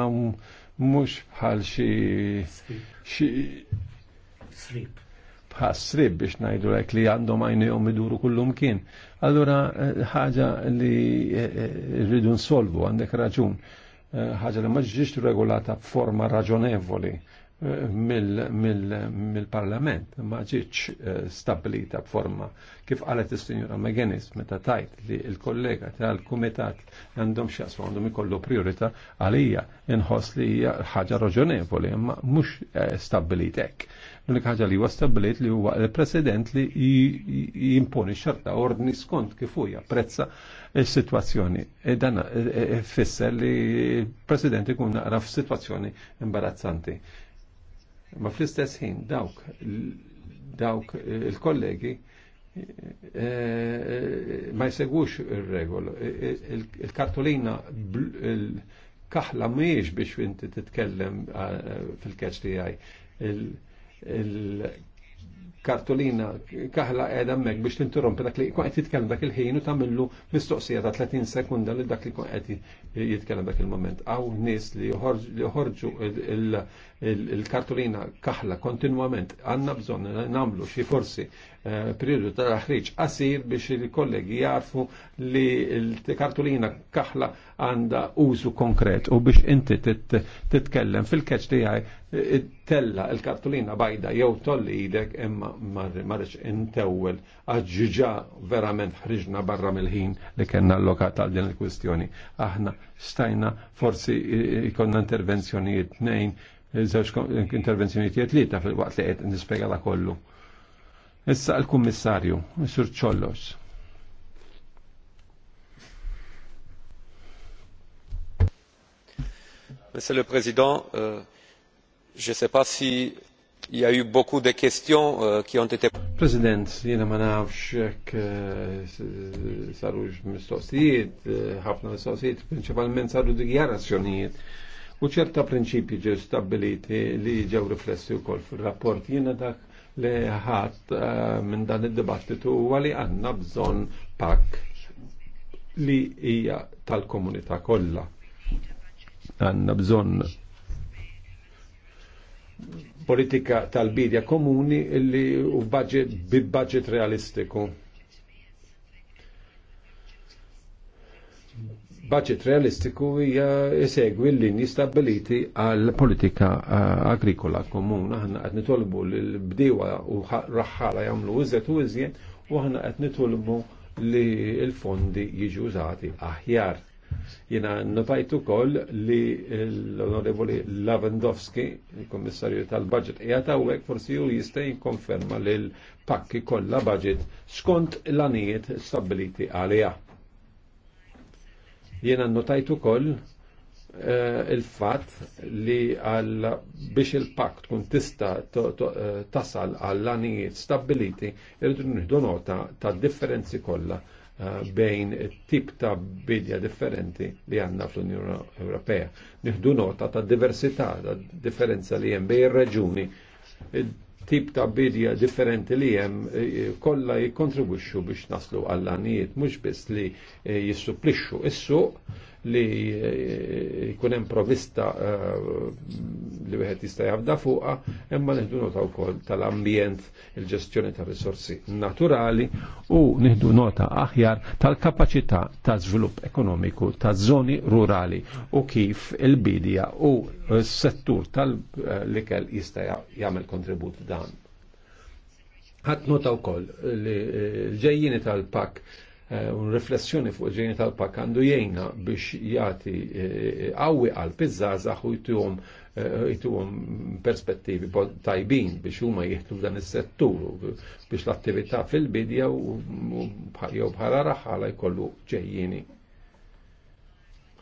mhux bħal xi srib bħasrib biex najdu lek li għandhom għajnijom iduru kullum kien. Allora eh, ħaġa li rridu nsolvu għandek raġun, ħaġa li maġġiġ regolata b'forma raġonevoli mill-parlament ma ġietx eh, stabilita b'forma kif qalet is-sinjura Meganis meta tajt li l-kollega tal-kumitat għandhom x'jaqsmu għandhom ikollu priorita għalija inħos li hija ħaġa raġonevoli imma mhux eh, stabilit hekk. L-unika ħaġa li huwa stabbilit li huwa l-President li jimponi xarta ordni skont kif hu japprezza s-sitwazzjoni. E dan e, e, fisser li l-President ikun naqra f'sitwazzjoni imbarazzanti. Ma fl-istess ħin dawk dawk il-kollegi eh, eh, ma jsegwux ir-regol. Eh, Il-kartolina kaħla miex biex inti titkellem fil-keċ li għaj. Il-kartolina kaħla edha mek biex tinterrompi dak li kun qed jitkellem dak il-ħin u tagħmillu mistoqsija ta' 30 sekunda li dak li kun qed jitkellem dak il-moment. Aw nies li joħorġu il-kartolina kaħla kontinwament għanna bżon namlu xi forsi eh, periodu ta' ħriġ qasir biex il-kollegi jarfu li l-kartolina kaħla għanda użu konkret u biex inti titkellem fil-keċ għaj eh, tella l-kartolina bajda jew tolli idek imma marriċ intewwel għaġġiġa verament ħriġna barra mill-ħin li kena allokat għal din il-kwistjoni. Aħna stajna forsi eh, ikonna intervenzjonijiet jitnejn żewġ intervenzjoni tiegħek li ta' fil-waqt li qed nispjega da kollu. Issa l-kummissarju, Sur Ċollos. Monsieur le Président, euh, je ne sais pas si il y a eu beaucoup de questions euh, qui ont été Président, je ne sais pas si President, jiena ma nafx jekk euh, sarux mistoqsijiet, euh, ħafna a prinċipalment saru dikjarazzjonijiet u ċerta prinċipji ġew stabiliti li ġew riflessi wkoll fir-rapport jiena dak li ħadd eh, minn dan id-dibattitu huwa li għandna bżonn pak li hija tal-komunità kollha. Għandna bżonn politika tal-bidja komuni li u budget realistiku budget realistiku hija isegwi l-linji stabiliti għal politika eh, agrikola komuna. Aħna qed nitolbu l-bdiewa u raħħala jagħmlu iżjed u iżjed u aħna qed nitolbu li l-fondi jiġu użati aħjar. Jena notajt ukoll li l-Onorevoli Lavendowski, il-Kommissarju tal-Budget, qiegħed hawnhekk forsi hu jista' jikkonferma li l-pakki kollha budget skont l-anijiet stabiliti għaliha Jena notajt ukoll eh, il-fat li għal biex il-pakt kun tista eh, tasal għall anijiet stabiliti irridu nħdu nota ta' differenzi kollha eh, bejn tip ta' bidja differenti li għanna fl-Unjoni Ewropea. Nħdu nota ta' diversità, ta' differenza li hemm bejn reġuni tip ta' bidja differenti li hemm e, e, kollha jikkontribwixxu biex naslu għall-għanijiet mhux biss li e, jissupplixxu is-suq li eh, jkun hemm provista eh, li wieħed jista' jafda fuqha, imma neħdu nota wkoll tal-ambjent, il-ġestjoni tar-risorsi naturali u neħdu nota aħjar tal-kapaċità ta' żvilupp ekonomiku ta' żoni rurali u kif il-bidja u s-settur tal-likel jista' jagħmel kontribut dan. Ħadd nota wkoll li eh, l-ġejjini tal-pak Eh, un riflessjoni fuq ġejni tal-pak għandu jgħina biex jagħti eh, qawwi għal pizzażax u jtuhom eh, jtuhom perspettivi tajbin biex huma jieħdu dan is-settur biex l-attività fil-bidja jew bħala raħala jkollu ġejjini.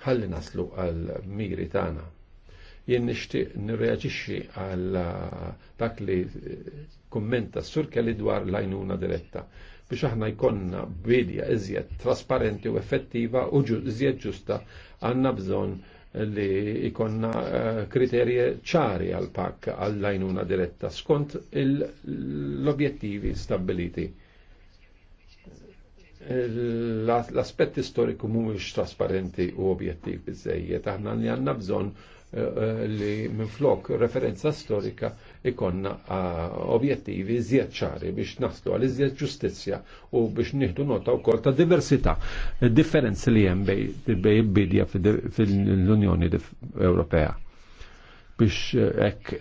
Ħalli naslu għal miri tagħna. Jien nixtieq nirreaġixxi għal dak li kummenta s-sur kelli dwar l-għajnuna diretta biex aħna jkonna bidja iżjed trasparenti u effettiva u iżjed ġusta għanna bżon li jkonna eh, kriterje ċari għal pak għall-lajnuna diretta skont l-objettivi stabiliti. L-aspett storiku mhuwiex trasparenti u objettiv biżejjed aħna li għandna bżonn Eh, li minflok referenza storika ikonna eh, objettivi iżjed ċari biex naslu għal iżjed ġustizja u biex nieħdu nota wkoll ta' diversità, differenzi li hemm bej bidja fil-Unjoni Ewropea biex eh, hekk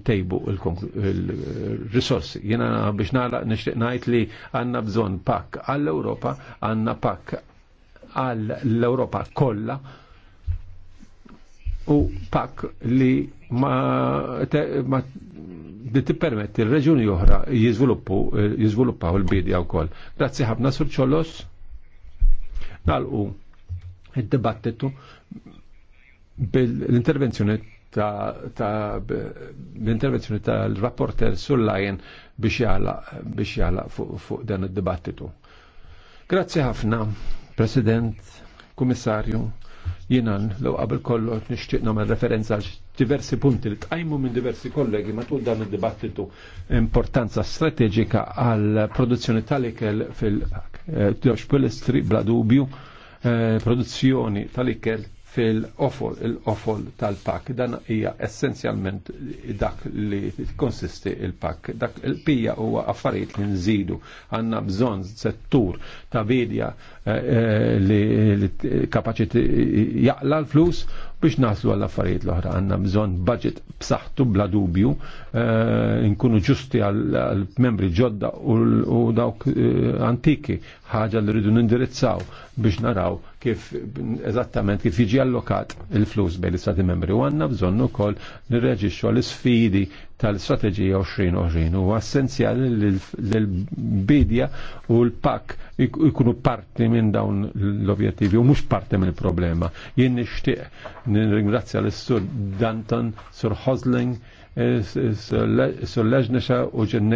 ntejbu il-risorsi. Jena biex najt nixtieq ngħid li għandna bżonn pakk għall europa għandna pakk għall l-Europa kollha u pak li ma, te, ma di li tippermetti l-reġuni oħra jizviluppu, jizviluppaw il bidi u kol. Grazzi ħafna sur ċollos. Nalqu il dibattitu bil-intervenzjoni ta' ta l-intervenzjoni tal-rapporter sull sullajn biex jala biex jala fuq fu dan il dibattitu Grazzi ħafna, President, Kummissarju, Jiena l qabel kollo nixtieq nagħmel referenza għal diversi punti li tqajmu minn diversi kollegi matul dan id-dibattitu importanza strateġika għal produzzjoni tal-ikel fil-Dox eh, Pilistri bla dubju eh, produzzjoni tal-ikel fil-ofol, il-ofol tal-pak, dan hija essenzjalment dak li konsisti il-pak, dak il-pija huwa affarijiet li nżidu, għanna bżon settur ta' vidja eh, eh, li kapaċi jaqla l-flus biex naslu għall affarijiet l-oħra għandna bżonn budget b'saħħtu bla dubju, eh, nkunu ġusti għall membri ġodda u dawk eh, antiki ħaġa li rridu nindirizzaw biex naraw kif eżattament kif jiġi allokat il-flus bejn l-istati membri u għandna bżonn ukoll nirreġixxu l-isfidi tal strategija 2020 huwa essenzjali l-bidja u l-pak ikunu parti minn dawn l objettivi u mhux parti minn problema. Jien nixtieq nirringrazzja l-Sur Danton, Sur Hosling, eh, Sur Leġnexa u ġen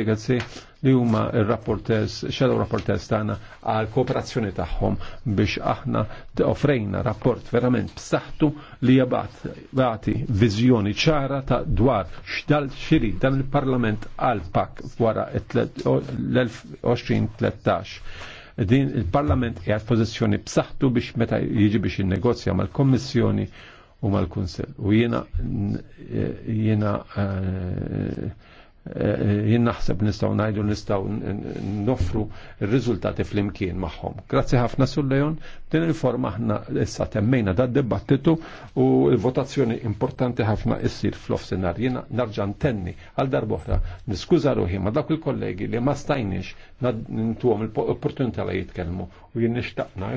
li huma il rapportes shadow rapportes tagħna għal kooperazzjoni tagħhom biex aħna offrejna rapport verament b'saħħtu li jabat bagħti viżjoni ċara ta' dwar x'dal xiri dan il-Parlament għal pak wara l-2013 din il-Parlament qiegħed pożizzjoni b'saħħtu biex meta jiġi biex innegozja mal-Kommissjoni u mal-Kunsell. U jiena jiena jien naħseb nistgħu ngħidu nistgħu noffru r fl-imkien magħhom. Grazzi ħafna sur Leon, din il-forma aħna issa temmejna da' dibattitu u l-votazzjoni importanti ħafna issir fl offsenar Jien narġa' ntenni għal darbohra niskuża ruħi ma' dak il-kollegi li ma stajniex nintuhom il opportunità li jitkellmu u jien nishtaqna